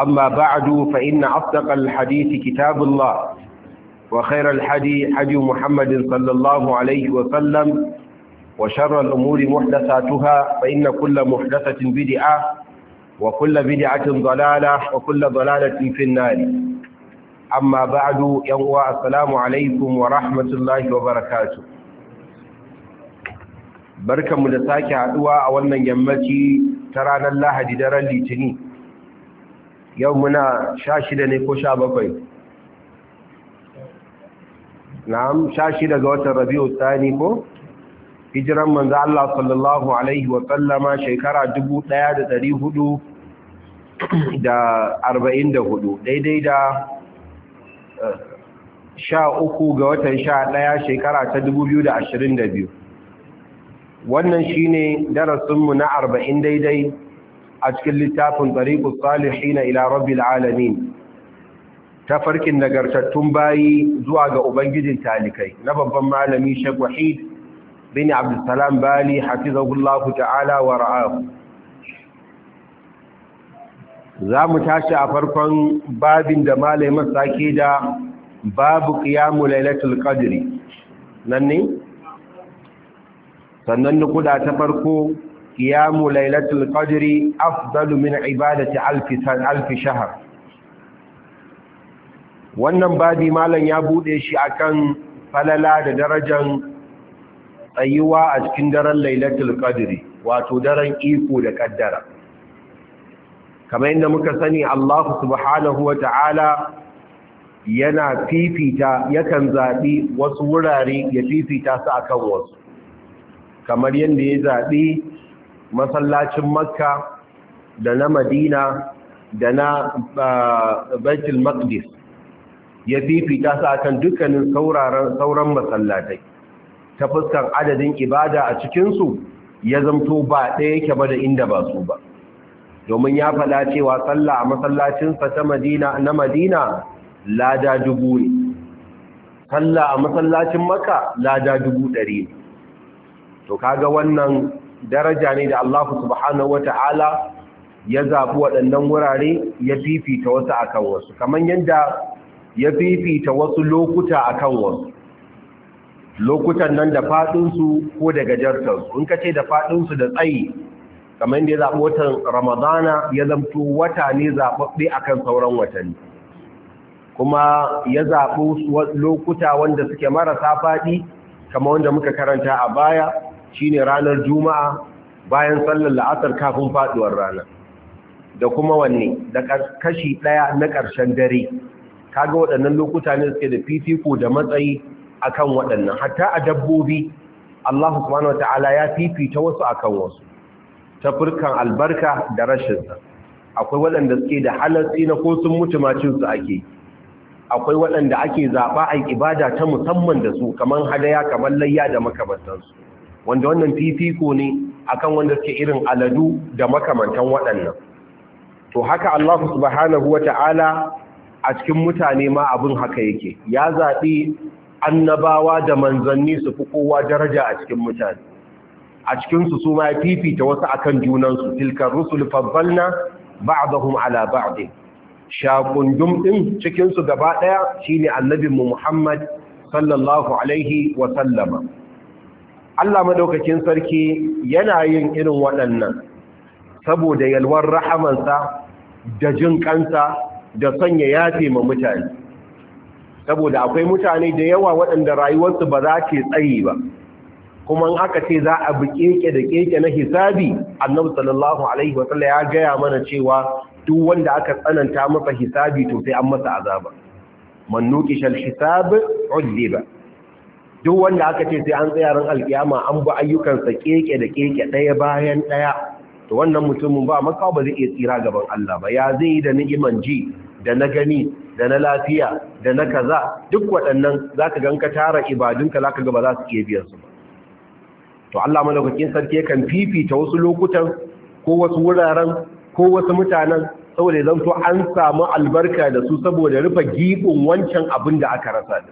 أما بعد فإن أصدق الحديث كتاب الله وخير الحدي حدي محمد صلى الله عليه وسلم وشر الأمور محدثاتها فإن كل محدثة بدعة وكل بدعة ضلالة وكل ضلالة في النار أما بعد يوم السلام عليكم ورحمة الله وبركاته بركة مدساكي عدوى أولا يمتي ترانا الله ددرا لتنين yau muna sha shida ne ko sha bakwai na'am sha shida ga watan rabi'u tsani ko hijiran manzo Allah sallallahu alaihi wa sallama shekara 1400 da arba'in da hudu daidai da eh, sha uku ga watan sha ɗaya shekara ta dubu biyu da ashirin da biyu wannan shine darasinmu na arba'in daidai a cikin littafin tariqus salihin ila rabbil alamin tafarkin nagartattun bayi zuwa ga ubangijin talikai na babban malami shek Wahid bin Bali Salam Bali hafizahullahu ta'ala wa ra'ahu mu tashi a farkon babin da malamin sake da babu ƙiyamu lailatul qadri nan ne sannan nukuda ta farko قيام ليلة القدر أفضل من عبادة ألف, ألف شهر wannan babi malam ya bude shi akan falala da darajar tsayuwa a cikin daren lailatul qadri wato daren iko da kaddara kamar yadda muka sani Allah subhanahu wata'ala yana fifita yakan zabi wasu wurare ya fifita su akan wasu kamar yadda ya zabi masallacin makka da na madina da na baitul maqdis ya fifita su akan dukkanin sauran masallatai ta fuskar adadin ibada a cikinsu ya zamto ba ɗaya yake ba da inda ba su ba domin ya faɗa cewa sallah a masallacinsa ta madina na madina lada dubu ne sallah a masallacin maka lada dubu ɗari ne to kaga wannan daraja ne da Allah subhanahu wata'ala ya zaɓi waɗannan wurare ya fifita wasu akan wasu kamar yadda ya fifita wasu lokuta akan wasu lokutan nan da faɗinsu ko da gajartarsu in ka ce da faɗinsu da tsayi kamar yadda ya zaɓi watan ramadana ya zamto wata ne zaɓaɓɓe akan sauran watanni kuma ya zaɓi lokuta wanda suke marasa faɗi kamar wanda muka karanta a baya shine ranar juma'a bayan sallar la'asar kafin faduwar rana da kuma wanne da kashi ɗaya na ƙarshen dare kaga waɗannan lokuta ne suke da fifiko da matsayi akan waɗannan hatta a dabbobi Allah subhanahu wata'ala ya fifita wasu akan wasu ta furkan albarka da rashin sa akwai waɗanda suke da halarci na ko sun mutu macin ake akwai waɗanda ake zaɓa a ibada ta musamman da su kamar hadaya kamar layya da makamantansu wanda wannan fifiko ne akan wanda suke irin aladu da makamantan waɗannan to haka Allah subhanahu wata'ala a cikin mutane ma abin haka yake ya zaɓi annabawa da manzanni su fi kowa daraja a cikin mutane a cikinsu su ma fifita wasu akan junansu tilkar rusul faddalna ba'dahum ala ba'din shakundum din cikinsu gaba ɗaya shine annabinmu Muhammad sallallahu alaihi wa Allah madaukakin sarki yana yin irin waɗannan saboda yalwar rahamansa da jin kansa da sanya yafe ma mutane saboda akwai mutane da yawa waɗanda rayuwarsu ba za ke tsayi ba kuma in aka ce za a bi keke da keke na hisabi annabi sallallahu alaihi wa sallam ya gaya mana cewa duk wanda aka tsananta masa hisabi to sai an masa azaba man nuqisha al-hisab 'udhiba duk wanda aka ce sai an tsaya ran alkiyama an ba ayyukansa keke da keke ɗaya bayan ɗaya to wannan mutumin ba maka ba zai iya tsira gaban Allah ba ya zai da ni'iman ji da na gani da na lafiya da na kaza duk waɗannan za ka ka tara ibadunka zaka ga ba za su iya biyan su ba to Allah madaukakin sarki kan fifita wasu lokutan ko wasu wuraren ko wasu mutanen saboda zan to an samu albarka da su saboda rufe gibin wancan abin da aka rasa da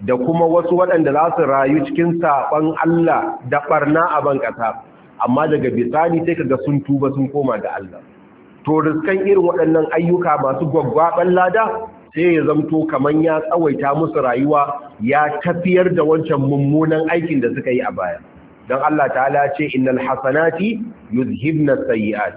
da kuma wasu waɗanda za su rayu cikin saɓon Allah da ɓarna a ban ƙasa amma daga bisani sai ka ga sun tuba sun koma ga Allah to riskan irin waɗannan ayyuka masu gwaggwaɓen lada sai ya zamto kamar ya tsawaita musu rayuwa ya tafiyar da wancan mummunan aikin da suka yi a baya don Allah ta ce innal hasanati yuzhibna sayi'at.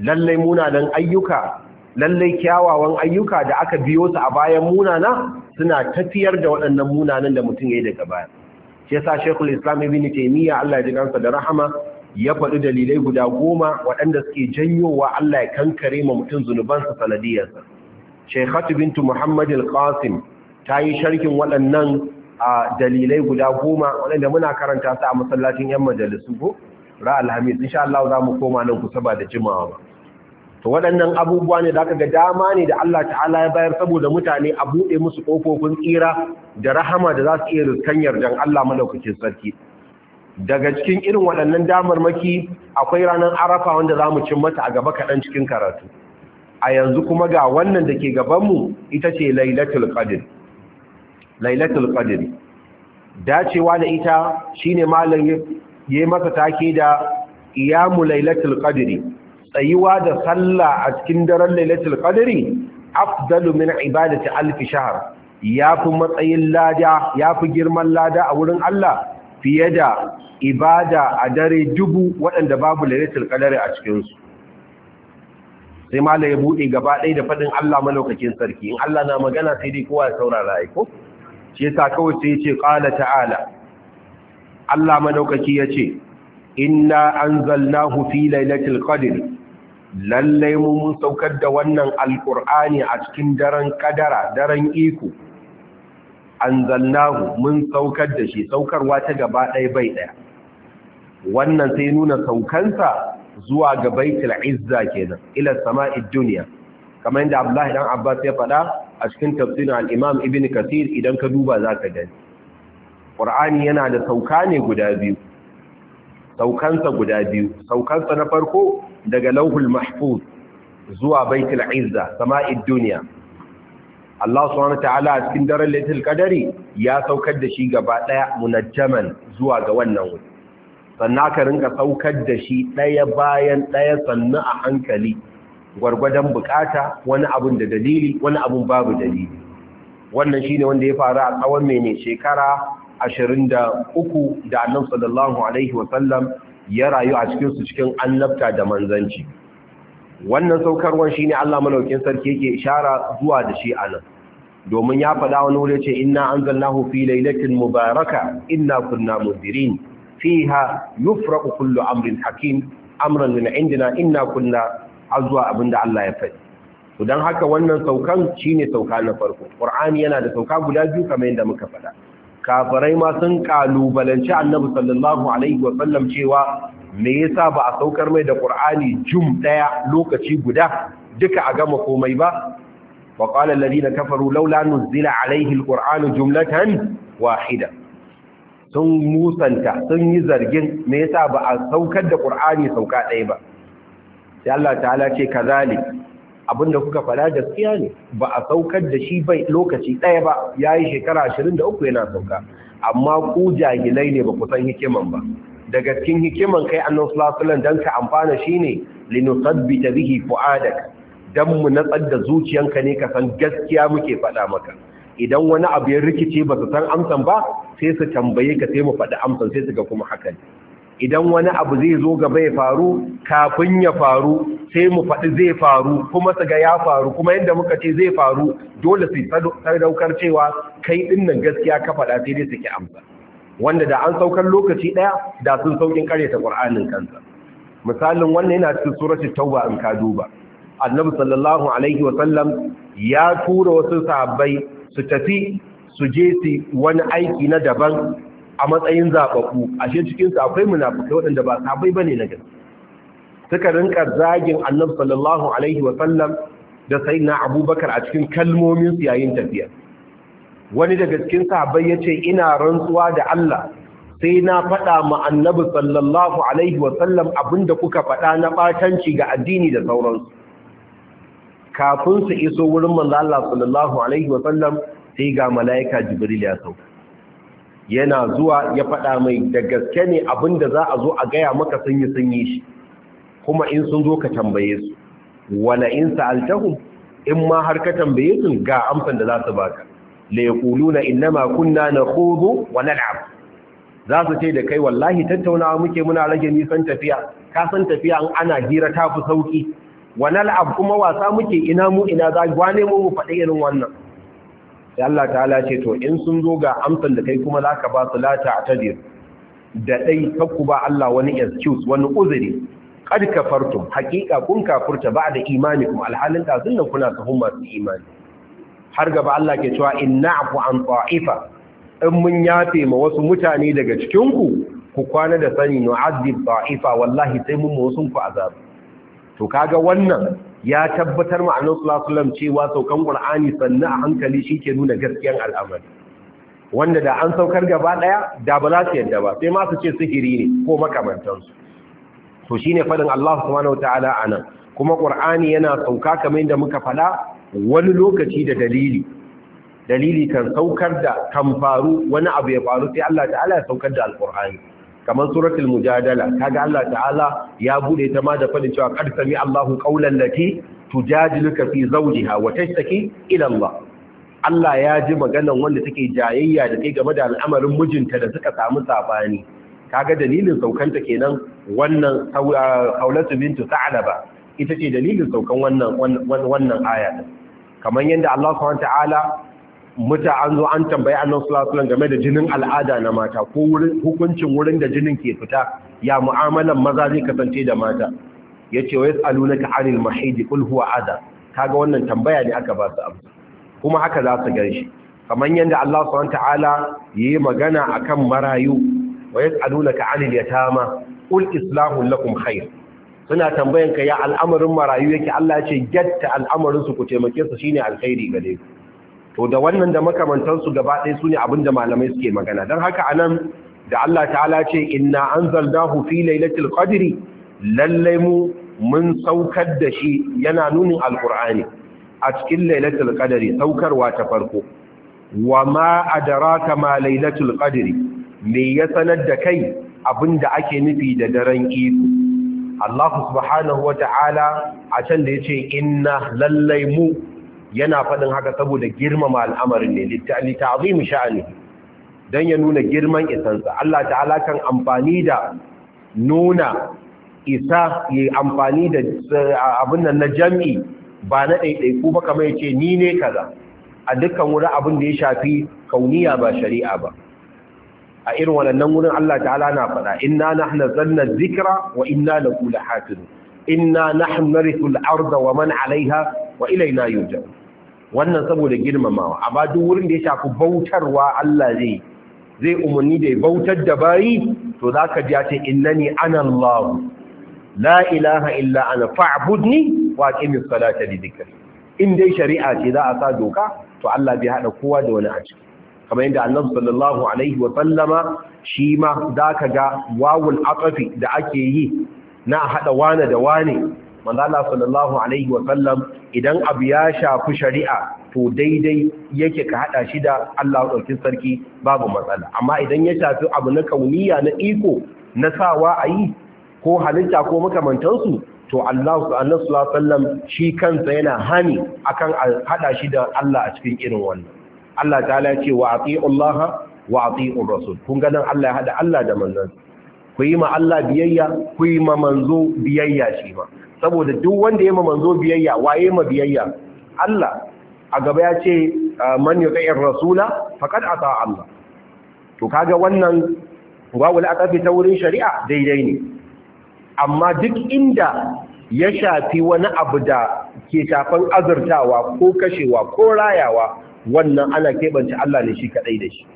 lallai munanan ayyuka lallai kyawawan ayyuka da aka biyo su a bayan munana suna tafiyar da waɗannan munanan da mutum ya yi daga baya shi yasa Sheikhul Islam Ibn Taymiyyah Allah ya ji kansa da rahama ya faɗi dalilai guda goma waɗanda suke janyowa Allah ya kankare ma mutum zunuban zunubansa sanadiyarsa Sheikhatu bintu Muhammad al-Qasim ta yi sharkin waɗannan dalilai guda goma waɗanda muna karanta su a masallacin 'yan majalisu ko Ra’al alhamis insha Allah za mu koma nan kusa ba da jimawa ba to waɗannan abubuwa ne da aka ga dama ne da Allah ta'ala ya bayar saboda mutane a buɗe musu ƙofofin tsira da rahama da za su iya riskan yardan Allah madaukakin sarki daga cikin irin waɗannan damar maki, akwai ranar arafa wanda za mu cin mata a gaba kaɗan cikin karatu a yanzu kuma ga wannan da ke gabanmu ita ce lailatul qadr dacewa da ita shine malam yayi masa take da iyamu lailatul qadr tsayuwa da sallah a cikin daren lailatul qadri afdalu min ibadati alf shahr yafi matsayin lada yafi girman lada a wurin Allah fiye da ibada a dare dubu waɗanda babu lailatul qadri a cikin su sai malai ya bude gaba ɗaya da fadin Allah malaukakin sarki in Allah na magana sai dai kowa ya saurara ai ko shi yasa kawai sai ya ce qala ta'ala Allah madaukaki ya ce inna anzalnahu fi lailatul qadr lallai mu mun saukar da wannan alkur'ani a cikin daren kadara daren iko anzalnahu mun saukar da shi saukarwa ta gaba ɗaya bai ɗaya wannan sai nuna saukansa zuwa ga baitul izza kenan ila sama'id dunya kamar yadda Abdullahi dan Abbas ya faɗa a cikin tafsirin al-Imam Ibn Kathir idan ka duba zaka gani Qur'ani yana da sauka ne guda biyu saukansa guda biyu saukansa na farko daga lauhul mahfuz zuwa baitul izza sama'id duniya Allah subhanahu ta'ala a cikin daren Lailatul Qadari ya saukar da shi gaba daya munajjaman zuwa ga wannan wuri sannan ka rinka saukar da shi daya bayan daya sannu a hankali gwargwadon bukata wani abun da dalili wani abun babu dalili wannan shine wanda ya faru a tsawon mene shekara 23 da annabi sallallahu alaihi wasallam ya rayu a cikin su cikin annabta da manzanci wannan saukarwan shine Allah malaukin sarki yake ishara zuwa da shi anan domin ya faɗa wani wuri ce inna anzalnahu fi lailatin mubaraka inna kunna mundirin fiha yufraqu kullu amrin hakim amran min indina inna kunna azwa abinda Allah ya faɗi to dan haka wannan saukan shine sauka na farko qur'ani yana da sauka guda biyu kamar yadda muka faɗa kafirai ma sun kalubalanci annabi sallallahu alaihi wa sallam cewa me yasa ba a saukar mai da qur'ani jum daya lokaci guda duka a gama komai ba wa qala alladhina kafaru laula nuzila alaihi alqur'anu jumlatan wahida sun musanta sun yi zargin me yasa ba a saukar da qur'ani sauka daya ba sai Allah ta'ala ce kazalik da kuka fada gaskiya ne ba a saukar da shi bai lokaci ɗaya ba ya yi shekara 23 yana sauka amma ku jahilai ne ba ku san hikiman ba daga cikin hikiman kai annon sulasulan don ka amfana shi ne linusabbi ta bihi fu'adak don mu natsar da zuciyanka ne ka san gaskiya muke faɗa maka idan wani abu ya rikice ba su san amsan ba sai su tambaye ka sai mu faɗi amsan sai su ga kuma haka ne idan wani abu zai zo gaba ya faru kafin ya faru sai mu faɗi zai faru kuma su ga ya faru kuma yadda muka ce zai faru dole su daukar cewa kai ɗin nan gaskiya ka faɗa sai dai su amsa wanda da an saukar lokaci ɗaya da sun saukin karyata ƙur'anin kansa misalin wannan yana cikin suratul tauba in ka duba annabi sallallahu alaihi wa sallam ya tura wasu sahabbai su tafi su je su wani aiki na daban a matsayin zababbu ashe cikin akwai munafukai waɗanda ba sabai ne na gaske suka rinka zagin annabi sallallahu alaihi da sayyidina abubakar a cikin kalmomin su yayin tafiya wani daga cikin ya yace ina rantsuwa da Allah sai na faɗa ma annabi sallallahu alaihi wa abinda kuka faɗa na ɓatanci ga addini da sauransu kafin su iso wurin manzo Allah sallallahu alaihi sai ga mala'ika Jibril ya sauka yana zuwa ya faɗa mai da gaske ne abinda za a zo a gaya maka sanyi sanyi shi kuma in sun zo ka tambaye su wala in sa'altahum in ma har ka tambaye su ga amsan da za su baka la yaquluna innama kunna nakhudhu wa nal'ab za su ce da kai wallahi tattaunawa muke muna rage nisan tafiya ka san tafiya an ana hira ta fi sauki wa nal'ab kuma wasa muke ina mu ina za gwane mu mu faɗi irin wannan sai Allah ta'ala ce to in sun zo ga amsan da kai kuma zaka ba su la tadir da dai kakku ba Allah wani excuse wani uzuri kad kafartum haqiqa kun kafurta da imanikum alhalin da sunna kuna sahun masu imani har gaba Allah ke cewa afu an ta'ifa in mun yafe ma wasu mutane daga cikin ku ku kwana da sani nu'azzib ta'ifa wallahi sai mun musun ku azab to kaga wannan ya tabbatar ma annabi sallallahu cewa saukan qur'ani sannu a hankali shi ke nuna gaskiyar al'amari wanda da an saukar gaba ɗaya da ba za su yadda ba sai masu ce sihiri ne ko makamantansu to shine faɗin Allah subhanahu a nan kuma ƙur'ani yana sauka kamar yadda muka fada wani lokaci da dalili dalili kan saukar da kan faru wani abu ya faru sai Allah ta'ala ya saukar da alqur'ani kamar suratul mujadala kaga Allah ta'ala ya bude ta ma da fadin cewa qad sami Allahu qawlan lati tujadiluka fi zawjiha wa tashtaki ila Allah Allah ya ji maganan wanda take jayayya da kai game da al'amarin mijinta da suka samu sabani kaga dalilin saukanta kenan wannan haulatu bintu sa'laba ita ce dalilin saukan wannan wannan aya kamar yadda Allah subhanahu wa ta'ala muta an zo an tambayi annan sulasulan game da jinin al'ada na mata ko hukuncin wurin da jinin ke fita ya mu'amalan maza zai kasance da mata ya ce wa tsalu na ka'anil mahidi ƙulhuwa ada kaga wannan tambaya ne aka ba su abu kuma haka za su gan shi kamar yadda Allah subhanahu ta'ala yayi magana akan marayu wa yas'alunaka 'anil yatama qul islahu lakum khair suna tambayan ka ya al'amarin marayu yake Allah ya ce gatta al'amarin su ku taimake su shine alkhairi gare ku to da wannan da makamantansu gaba ɗaya su ne abinda malamai suke magana don haka anan da Allah ta'ala ce inna anzalnahu fi lailatul qadri lallai mu mun saukar da shi yana nunin Alƙur'ani. a cikin lailatul qadri saukarwa ta farko wa ma kama ma lailatul qadri me ya sanar da kai abin da ake nufi da daren iko Allah subhanahu wa ta'ala a can da yace inna lallai mu yana faɗin haka saboda girmama al'amarin ne littani sha'ani dan ya nuna girman isansa Allah ta'ala kan amfani da nuna isa ya amfani da eh, abin nan na jami ba na ɗaiɗaiku ba kamar ya ce ni ne kaza a dukkan wurin abin da ya shafi kauniya ba shari'a ba a irin wannan wurin Allah ta'ala na faɗa inna na zanna zikira wa inna lahu lahafizun inna na narithul arda wa man alaiha. wa ilaina yurja wannan saboda girmamawa amma duk wurin da ya shafi bautarwa Allah zai zai umarni da bautar da bayi to zaka ji ya ce innani ana la ilaha illa ana fa'budni wa aqimis salata li dhikri in dai shari'a ce za a sa doka to Allah bai hada kowa da wani aji. kamar yadda annabi sallallahu alaihi wa sallama shi ma zaka ga wawul aqafi da ake yi na hada wane da wane manzala sallallahu alaihi wa sallam idan abu ya shafi shari'a to daidai yake ka hada shi da Allah ɗauki sarki babu matsala amma idan ya shafi abu na kauniya na iko na sawa a yi ko halitta ko makamantansu to Allah sallallahu alaihi wa sallam shi kansa yana hani akan hada shi da Allah a cikin irin wannan Allah ta'ala ce wa ati'u Allah wa ati'u Rasul kun ga nan Allah ya hada Allah da manzon ku yi ma Allah biyayya ku yi ma manzo biyayya shi ma saboda duk wanda ya manzo biyayya waye ma biyayya Allah a gaba ya ce ah, man yuti'ir rasula a ata Allah to kaga wannan wawul aqafi ta wurin shari'a daidai ne amma duk inda ya shafi wani abu da ke shafan azurtawa ko kashewa ko rayawa wannan ana keɓance Allah ne shi kaɗai da shi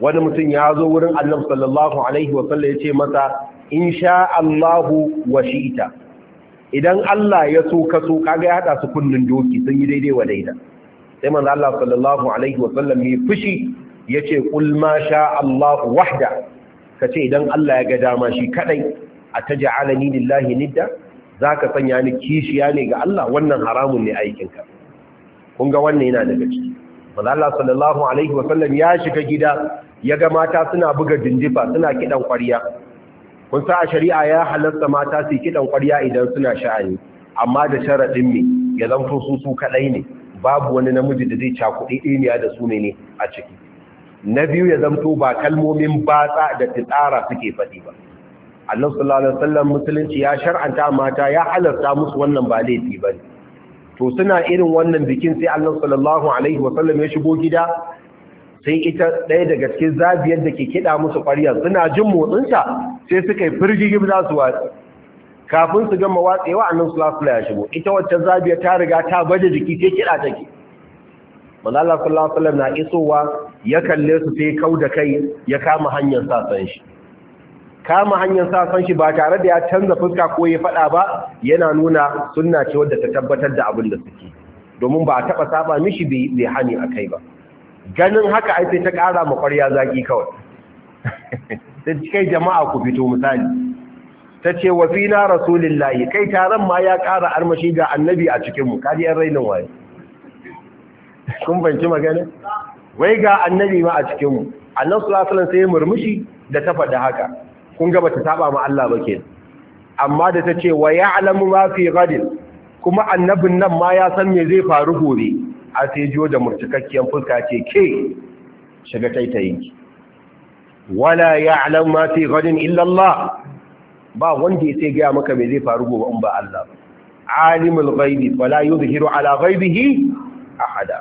wani mutum ya zo wurin annabi sallallahu alaihi wasallam ya ce masa in sha Allahu wa shi'ita idan Allah ya so ka so kaga ya haɗa su kunnin doki sun yi daidai wa daida sai manzo Allah sallallahu alaihi wa sallam ya fushi yace qul ma sha Allah wahda kace idan Allah ya ga dama shi kadai ataj'alani lillahi nidda zaka sanya ni kishiya ne ga Allah wannan haramun ne aikin ka kun ga wannan yana daga ciki manzo Allah sallallahu alaihi wa sallam ya shiga gida ya ga mata suna buga dindifa suna kidan kwariya kun sa a shari'a ya halasta mata su kidan ƙwarya idan suna sha'ani amma da sharaɗin ne ya zanto su su kaɗai ne babu wani namiji da zai cakuɗi ɗiniya da su ne a ciki na biyu ya zanto ba kalmomin batsa da fitsara suke faɗi ba Allah sallallahu alaihi musulunci ya shar'anta mata ya halasta musu wannan ba laifi bane to suna irin wannan bikin sai Allah sallallahu alaihi wasallam ya shigo gida sai ita ɗaya daga cikin zabiyar da ke kiɗa musu ƙwariya suna jin motsinsa sai suka yi firgigim za su watsi kafin su gama watsewa annan sulasula ya shigo ita wacce zabiyar ta riga ta baje jiki sai kiɗa ta ke. manzala fulafula na isowa ya kalle su sai kau da kai ya kama hanyar sasan shi kama hanyar sasan shi ba tare da ya canza fuska ko ya faɗa ba yana nuna sunna ce wadda ta tabbatar da abin da suke domin ba a taɓa saba mishi bai hani a kai ba ganin haka ai sai ta ƙara ma ƙwarya zaƙi kawai ta kai jama'a ku fito misali ta ce wa fina rasulillahi kai taron ma ya ƙara armashi ga annabi a cikinmu kariyar rainin waye kun banci magana wai ga annabi ma a cikinmu annan sulasulan sai murmushi da ta faɗi haka kun gaba ta saba ma Allah ba ke amma da ta ce wa ya alamu ma fi gadin kuma annabin nan ma ya san me zai faru gobe har sai jiyo da murtukakkiyar fuska ce ke shiga taitayinki wala ya'lam ma fi gadin illallah? ba wanda sai gaya maka bai zai faru gobe in ba Allah alimul ghaibi wala yuzhiru ala ghaibihi ahada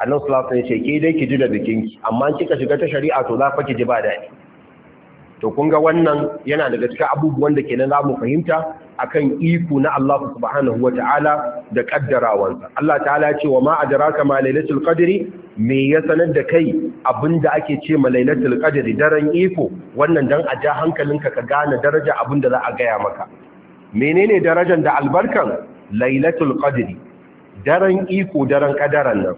annabi sallallahu alaihi wasallam ke dai ki ji da bikinki amma kika shiga ta shari'a to za fa ki ji ba dadi to kun ga wannan yana daga cikin abubuwan da kenan za mu fahimta akan iko na Allah subhanahu wa ta'ala da kaddarawansa Allah ta'ala ya ce wa ma ma lailatul qadri me ya sanar da kai abinda ake ce ma lailatul qadri daren iko wannan dan a ja hankalinka ka gane daraja abin da za a gaya maka menene darajar da albarkan lailatul qadri daren iko daren kadaran nan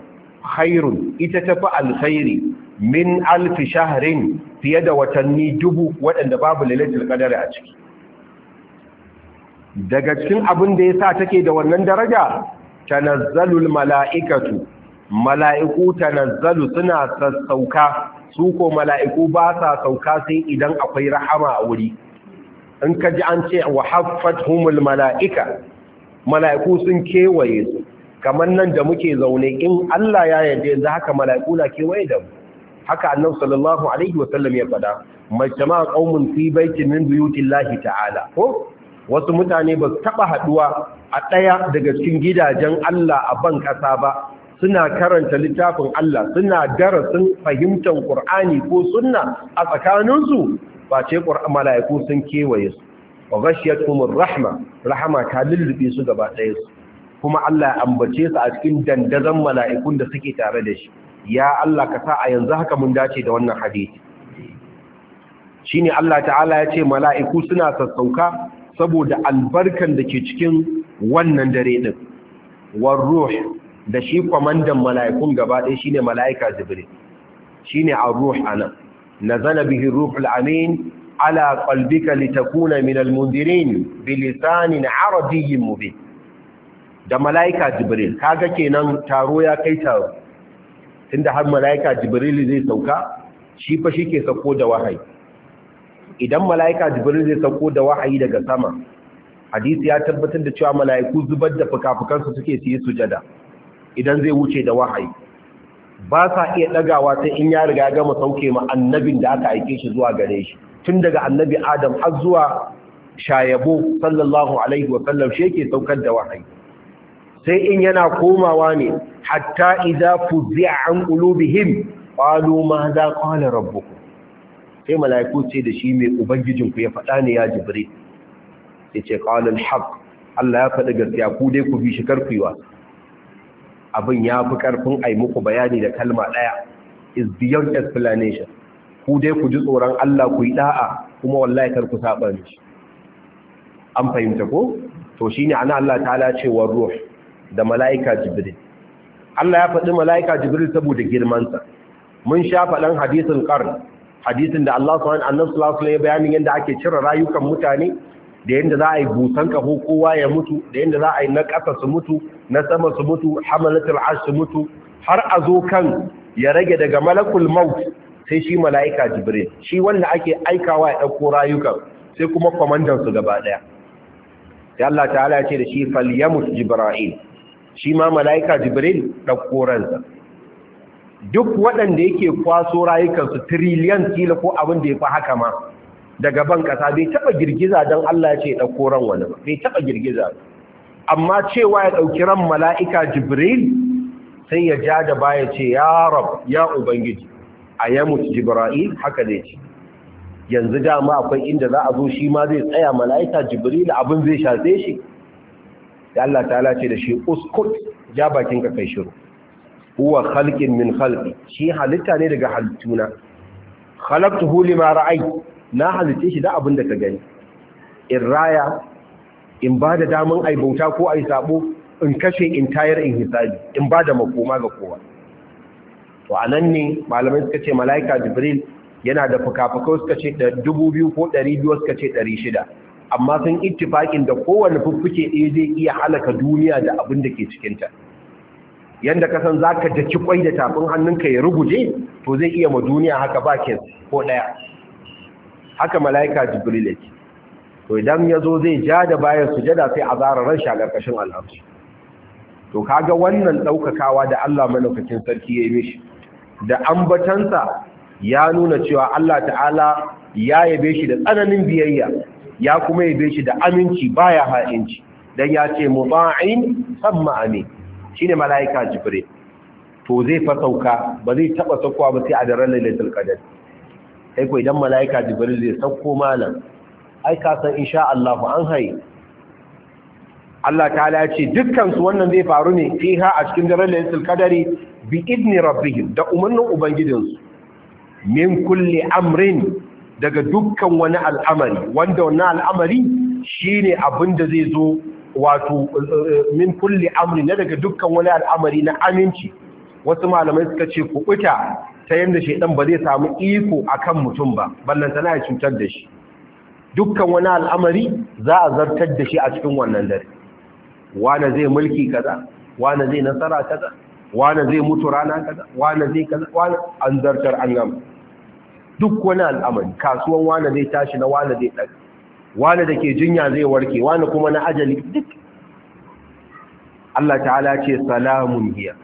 hairun ita tafi alkhairi min alfi shahrin fiye da watanni dubu waɗanda babu lailatul qadri a ciki daga cikin abin da ya yasa take da wannan daraja tanazzalul mala'ikatu mala'iku tanazzalu suna sassauka su ko mala'iku ba sa sauka sai idan akwai rahama a wuri in ka ji an ce wa humul mala'ika mala'iku sun kewaye su kamar nan da muke zaune in Allah ya yarda yanzu haka mala'iku na kewaye da haka annabi sallallahu alaihi wa sallam ya faɗa majtama'a qaumun fi baitin min buyutillahi ta'ala ko wasu mutane ba su taɓa haɗuwa a ɗaya daga cikin gidajen Allah a ban ƙasa ba suna karanta littafin Allah suna darasin fahimtar Ƙur'ani ko sunna a tsakaninsu ba ce mala'iku sun kewaye su wa ghashiyatuhumur rahma rahama ta lullube su gaba ɗaya su kuma Allah ya ambace su a cikin dandazon mala'ikun da suke tare da shi ya Allah ka sa a yanzu haka mun dace da wannan hadisi shine Allah ta'ala ya ce mala'iku suna sassauka saboda albarkan da ke cikin wannan dare din warruh da shi kwamandan mala'ikun gaba ɗaya shine mala'ika jibril shine a ruh "Na nazala bihi ruhul amin ala qalbika litakuna min al-mundirin bi lisanin arabiyyin mubin da mala'ika jibril kaga kenan taro ya kai taro tunda har mala'ika jibril zai sauka shi fa shike sauko da wahayi idan mala'ika jibril zai sauko da wahayi daga sama hadisi ya tabbatar da cewa mala'iku zubar da su suke su sujada idan zai wuce da wahayi ba sa iya ɗagawa sai in ya riga gama sauke ma annabin da aka aike shi zuwa gare shi tun daga annabi adam har zuwa shayabo sallallahu alaihi wasallam shi yake saukar da wahayi sai in yana komawa ne hatta idza fuzi'a an qulubihim qalu ma za qala rabbukum sai mala'iku ce da shi mai ubangijin ku ya faɗa ne ya jibril Ya ce qala al Allah ya faɗi gaskiya ku dai ku bi shi karfiwa abin ya fi karfin ai muku bayani da kalma daya is beyond explanation ku dai ku ji tsoron Allah ku yi da'a kuma wallahi kar ku saba ni an fahimta ko to shine ana Allah ta'ala cewa ruh da mala'ika jibril Allah ya faɗi mala'ika jibril saboda girmansa mun sha faɗan hadisin qarn hadisin da Allah subhanahu annabi sallallahu alaihi bayanin yanda ake cire rayukan mutane da yanda za a yi busan kaho kowa ya mutu da yanda za a yi na ƙasa su mutu na sama su mutu hamalatul ash su mutu har a zo kan ya rage daga malakul maut sai shi mala'ika jibril shi wanda ake aikawa ya ɗauko rayukan sai kuma kwamandan su gaba ɗaya sai Allah ta'ala ya ce da shi falyamus jibril shi ma mala'ika jibril ɗauko ransa duk waɗanda yake kwaso rayukansu tiriliyan kila ko abin da ya fi haka ma daga ban ƙasa bai taɓa girgiza don Allah ya ce ɗauko ran wani ba bai taɓa girgiza amma cewa ya ɗauki ran mala'ika jibril sai ya ja da baya ce ya rab ya ubangiji a ya haka zai ce yanzu dama akwai inda za a zo shi ma zai tsaya mala'ika jibril abin zai shafe shi da Allah ta ce da shi uskut ja bakin ka kai shiru huwa khalqin min khalqi shi halitta ne daga halittuna khalaqtuhu lima ra'ay na halitta shi da abin ka gani in raya in ba daman ai bauta ko ai sabo in kashe in tayar in hisabi in ba da makoma ga kowa to anan ne malamai suka ce malaika jibril yana da fukafukai suka ce biyu ko biyu suka ce shida, amma sun ittifakin da kowane fuffuke ɗaya zai iya halaka duniya da abin da ke cikinta. ta yanda ka san zaka daki kwai da tafin hannunka ya ruguje to zai iya ma duniya haka bakin ko daya haka malaika jibril yake to idan ya zo zai ja da bayan sujada sai a zara ran shagar kashin al'arshi to kaga wannan daukakawa da Allah malaukakin sarki ya yi mishi da ambatansa ya nuna cewa Allah ta'ala ya yabe shi da tsananin biyayya ya kuma yabe shi da aminci baya ha'inci dan ya ce muta'in samma amin shine malaika jibril to zai fa ba zai taba saukowa ba sai a daren lailatul qadar kai ko idan malaika jibril zai sauko malam ai ka san insha Allah an haye Allah ta'ala ya ce dukkan wannan zai faru ne fiha a cikin daren lailatul qadari bi idni rabbihim da umarnin ubangijinsu min kulle amrin daga dukkan wani al'amari wanda wannan al'amari shine abin da zai zo wato min kulli amri na daga dukkan wani al'amari na aminci wasu malamai suka ce kuɓuta ta yadda shaidan ba zai samu iko akan mutum ba ballan tana ya cutar da shi dukkan wani al'amari za a zartar da shi a cikin wannan dare wane zai mulki kaza wane zai nasara kaza wane zai mutu rana kaza wane zai kaza wane an zartar an gama duk wani al'amari kasuwan wane zai tashi na wane zai ɗaga wani da ke jinya zai warke wani kuma na ajali duk Allah ta'ala ce salamun biya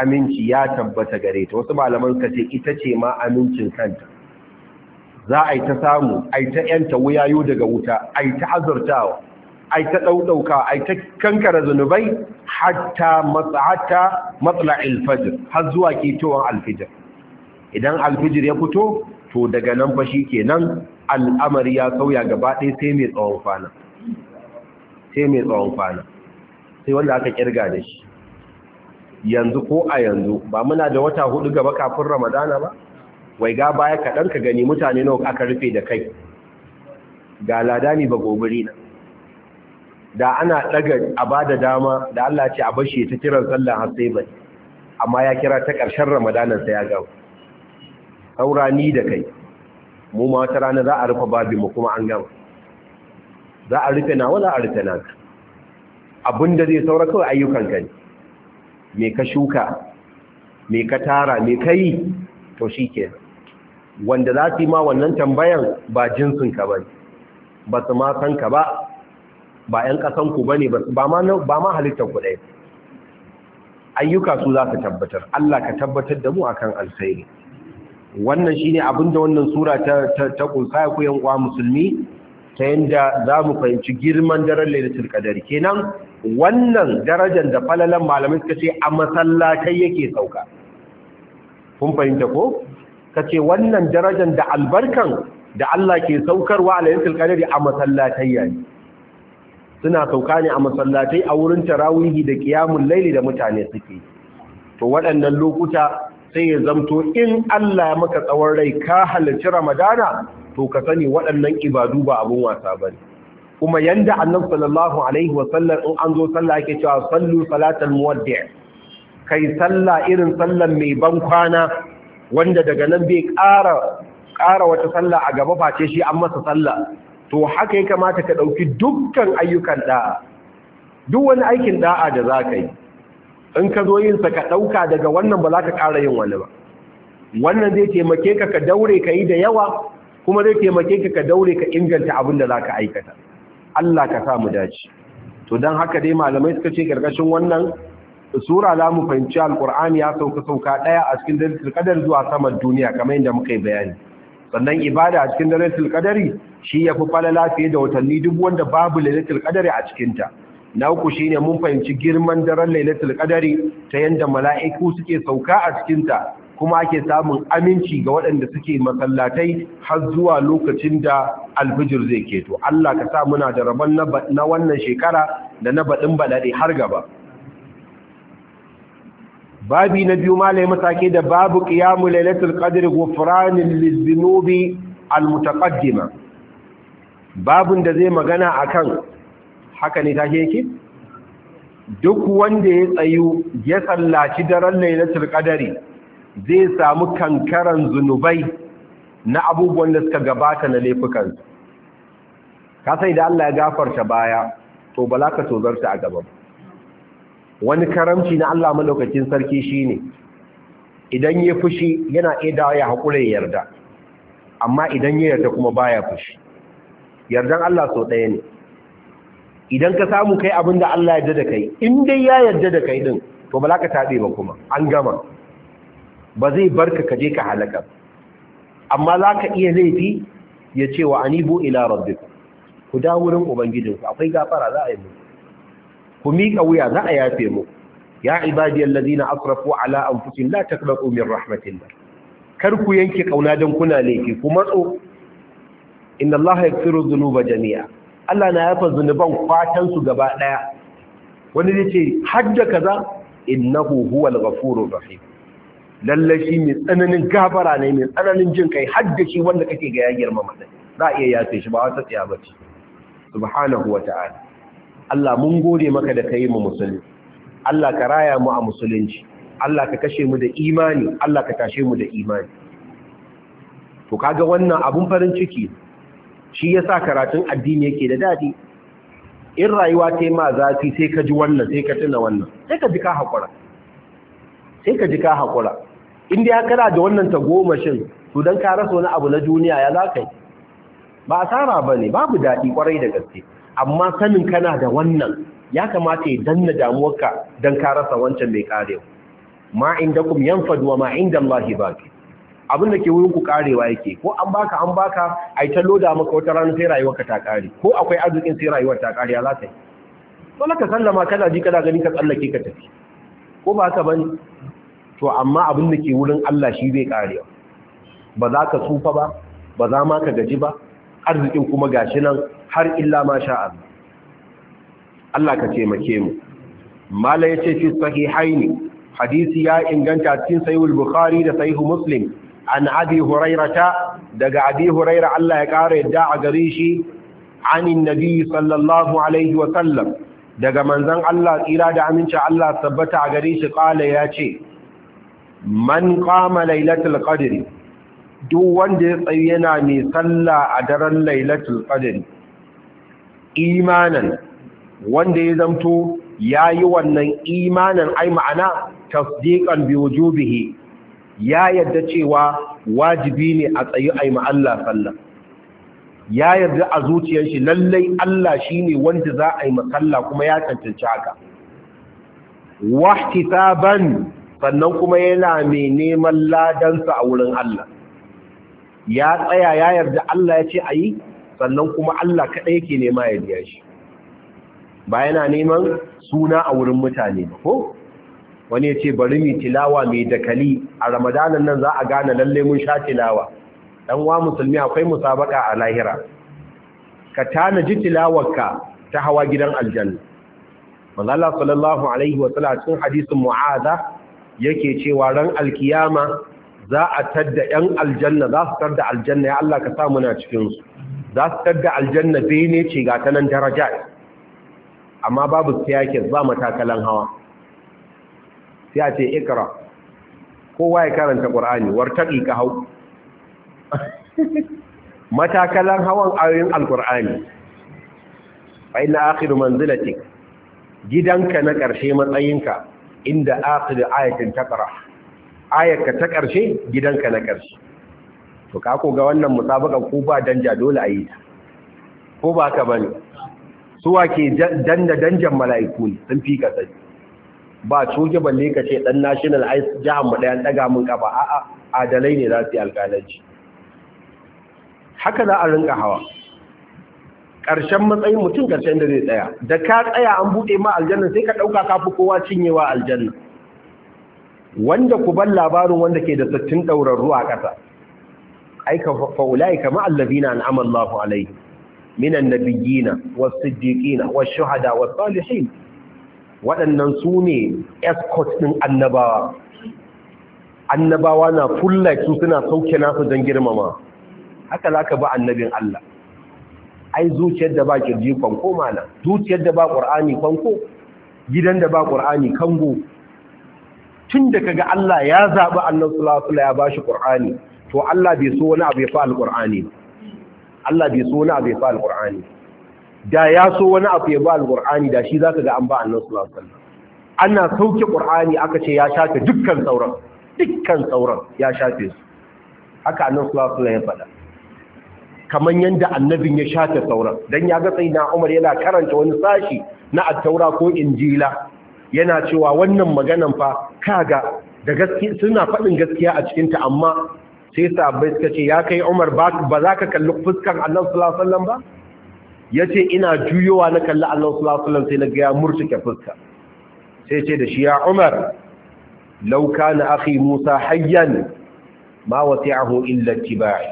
aminci ya tabbata gare ta wasu malaman ka ce ita ce ma amincin kanta za a yi ta samu a yi ta yanta daga wuta a yi ta azurtawa a yi ta ɗauɗauka a yi ta kankara zunubai hatta matsala matsala'il har zuwa ke ketowar alfijir idan alfijir ya fito to daga nan fashi nan. al'amari ya sauya gaba ɗaya sai mai tsawon fana sai mai tsawon fana sai wanda aka kirga da shi yanzu ko a yanzu ba muna da wata hudu gaba kafin ramadana ba wai ga baya kaɗan ka gani mutane nawa aka rufe da kai ga ladani ba gobiri na da ana ɗaga a ba da dama da Allah ce a bashi ta kiran sallan hasai bai amma ya kira ta ƙarshen ramadanan sai ya gawo saurani da kai mu ma wata rana za a rufe babin mu kuma an gama za a rufe nawa za a rufe naka abin da zai saura kawai ayyukan ka ne me ka shuka me ka tara me ka yi to shi ke wanda za su yi ma wannan tambayan ba jinsin ka ba ba su ma san ka ba ba 'yan ƙasanku ba ne ba ma halittar ku ɗaya ayyuka su za su tabbatar Allah ka tabbatar da mu akan alkhairi wannan shine abin da wannan sura ta ta kunsa ku yan uwa musulmi ta yanda za mu fahimci girman daren lailatul qadar kenan wannan darajar da falalan malamai suka ce a masallatai yake sauka kun fahimta ko kace wannan darajar da albarkan da Allah ke saukarwa a lailatul qadar a masallatai yayi suna sauka ne a masallatai a wurin tarawihi da qiyamul laili da mutane suke to waɗannan lokuta sai ya zamto in Allah ya maka tsawon rai ka halarci Ramadana to ka sani waɗannan ibadu ba abun wasa ne. kuma yanda Annabi sallallahu alaihi wasallam in an zo sallah ake cewa sallu salatal muwaddi' kai sallah irin sallan mai ban kwana wanda daga nan bai ƙara wata sallah a gaba face shi an masa sallah to haka ya kamata ka ɗauki dukkan ayyukan da'a duk wani aikin ɗa'a da za ka yi in ka zo yin sa ka ɗauka daga wannan ba za ka ƙara yin wani ba wannan zai taimake ka ka daure ka yi da yawa kuma zai taimake ka ka daure ka inganta abin da za ka aikata Allah ka sa mu dace to don haka dai malamai suka ce karkashin wannan sura za mu fahimci alkur'ani ya sauka sauka ɗaya a cikin darasul kadar zuwa saman duniya kamar yadda muka yi bayani sannan ibada a cikin darasul kadari shi yafi fi falala fiye da watanni duk wanda babu lalatul kadari a cikin ta na uku shine mun fahimci girman daren lailatul qadari ta yanda mala'iku suke sauka a cikin ta kuma ake samun aminci ga waɗanda suke masallatai har zuwa lokacin da alfijir zai to. Allah ka sa muna da rabon na wannan shekara da na baɗin baɗaɗe har gaba babi na biyu malai masake da babu ƙiyamu lailatul qadri ghufranin lizunubi almutaqaddima babun da zai magana akan haka ne take yake duk wanda ya tsayu ya tsallaci daren lailatul qadari zai samu kankaran zunubai na abubuwan da suka gabata na laifukan ka sai da Allah ya gafarta baya to bala ka tozarta a gaba wani karamci na Allah madaukakin sarki shine idan ya fushi yana iya ya haƙura yarda amma idan ya yarda kuma baya fushi yardan Allah so ɗaya ne idan ka samu kai abin da Allah yadda da kai in dai ya yarda da kai din to ba za ka tabe ba kuma an gama ba zai barka ka je ka halaka amma za ka iya laifi ya ce wa anibu ila rabbikum ku da wurin ubangijinku akwai gafara za a yi muku ku miƙa wuya za a yafe muku ya ibadiyal ladina asrafu ala anfusihim la taqnatu min rahmatillah kar ku yanke kauna dan kuna laifi ku matso inna allaha yaghfiru dhunuba jami'a Allah na yafa zunuban kwatan su gaba ɗaya. wani zai ce hajja kaza innahu huwal ghafurur rahim lalle shi mai tsananin gabara ne mai tsananin jin kai hajja shi wanda kake ga ya girmama ne za a iya yafe shi ba wata tsaya ce subhanahu ta'ala Allah mun gode maka da kai mu musulmi Allah ka raya mu a musulunci Allah ka kashe mu da imani Allah ka tashe mu da imani to kaga wannan abun farin ciki shi ya sa karatun addini yake da daɗi. in rayuwa ta ma zafi sai ka ji wannan sai ka tuna wannan sai ka ji ka haƙura sai ka ji ka haƙura inda ya kana da wannan tagomashin to don ka rasa wani abu na duniya ya a yi ba ne babu daɗi kwarai da gaske amma sanin kana da wannan ya kamata ya danna damuwarka don ka rasa wancan mai karewa ma indakum yanfad wa ma indallahi baki. abin da ke wurin ku karewa yake ko an baka an baka yi ta loda maka wata rana sai rayuwarka ta kare ko akwai arzikin sai rayuwar ta kare ya za ta yi to laka sallama kana ji kana gani ka tsallake ka tafi ko ba ka bani to amma abin da ke wurin Allah shi zai karewa ba za ka tsufa ba ba za ma ka gaji ba arzikin kuma gashi nan har illa ma sha Allah Allah ka taimake mu mala yace fi sahihaini hadisi ya inganta cikin al bukhari da sahihu muslim an abi hurairata daga abi huraira Allah ya ƙara yadda a gare shi anin nabi sallallahu alaihi sallam. daga manzan Allah tsira da aminci Allah tabbata a gare shi ƙala ya ce man ƙama lailatul qadri duk wanda ya tsaye yana mai sallah a daren lailatul qadri imanan wanda ya zamto yayi wannan imanan ai ma'ana tasdiqan bi wujubihi ya yadda cewa wajibi ne a tsayi a yi Allah sallah ya yarda a zuciyar shi lallai Allah shi ne wanda za a yi masalla kuma ya cancanci haka wahtisaban sannan kuma yana mai neman ladansa a wurin Allah ya tsaya ya yarda Allah ya ce a yi sannan kuma Allah kaɗai yake nema ya biya shi ba yana neman suna a wurin mutane ba ko wani ya ce bari mai tilawa mai dakali a ramadanan nan za a gane lalle mun sha tilawa dan wa musulmi akwai musabaka a lahira ka tanaji tilawarka ta hawa gidan aljanna manzala sallallahu alaihi wa sallam cikin hadisin mu'aza yake cewa ran alkiyama za a tadda yan aljanna za su tadda aljanna ya Allah ka sa muna cikin su za su tadda aljanna bene ce ga tanan daraja amma babu siyakin ba matakalan hawa sai a ce ikra kowa ya karanta qur'ani wartaqi ka hau matakalan hawan ayoyin alqur'ani fa inna akhiru manzilati gidanka na ƙarshe matsayinka inda akhiru ayatin taqra ayarka ta ƙarshe gidanka na ƙarshe to ka ko ga wannan musabaka ko ba danja dole a yi ta ko ba ka bane suwa ke danda danjan mala'iku sun fi ka sani ba coge balle ka ce dan national ice jihar mu ɗayan ɗaga mun kafa a'a adalai ne za su yi alƙalanci haka za a rinka hawa ƙarshen matsayin mutum ƙarshen da zai tsaya da ka tsaya an buɗe ma aljanna sai ka ɗauka ka fi kowa cinyewa aljanna wanda ku ban labarin wanda ke da sattin ɗaurarru a ƙasa aika fa'ulai kama allazina an'ama Allahu alaihi minan nabiyina was siddiqina was shuhada was salihin waɗannan su ne escort ɗin annabawa annabawa na full su suna sauke nasu don girmama haka za ka ba annabin Allah ai zuciyar da ba kirji kwanko mana zuciyar da ba ƙur'ani kwanko gidan da ba ƙur'ani kango tun da kaga Allah ya zaɓi annan sulasula ya ba shi ƙur'ani to Allah bai so wani abu ya fa’al alƙur'ani Allah bai so wani abu ya alƙur'ani da ya so wani abu ya ba alqur'ani da shi zaka ga an ba annabi sallallahu alaihi wasallam ana sauke qur'ani aka ce ya shafe dukkan sauran dukkan sauran ya shafe su haka annabi sallallahu alaihi wasallam ya faɗa kaman yanda annabin ya shafe sauran dan ya ga sayyidina Umar yana karanta wani sashi na at-taura ko injila yana cewa wannan maganan fa kaga da gaskiya suna faɗin gaskiya a cikin ta amma sai sabai suka ce ya kai Umar ba za ka kalli fuskar Allah sallallahu alaihi wasallam ba ya ce ina juyowa na kalli Allah sulasulan sai na gaya murtuke fuska sai ce da shi ya umar lauka na akhi musa hayyan ma ya ahu illa tibai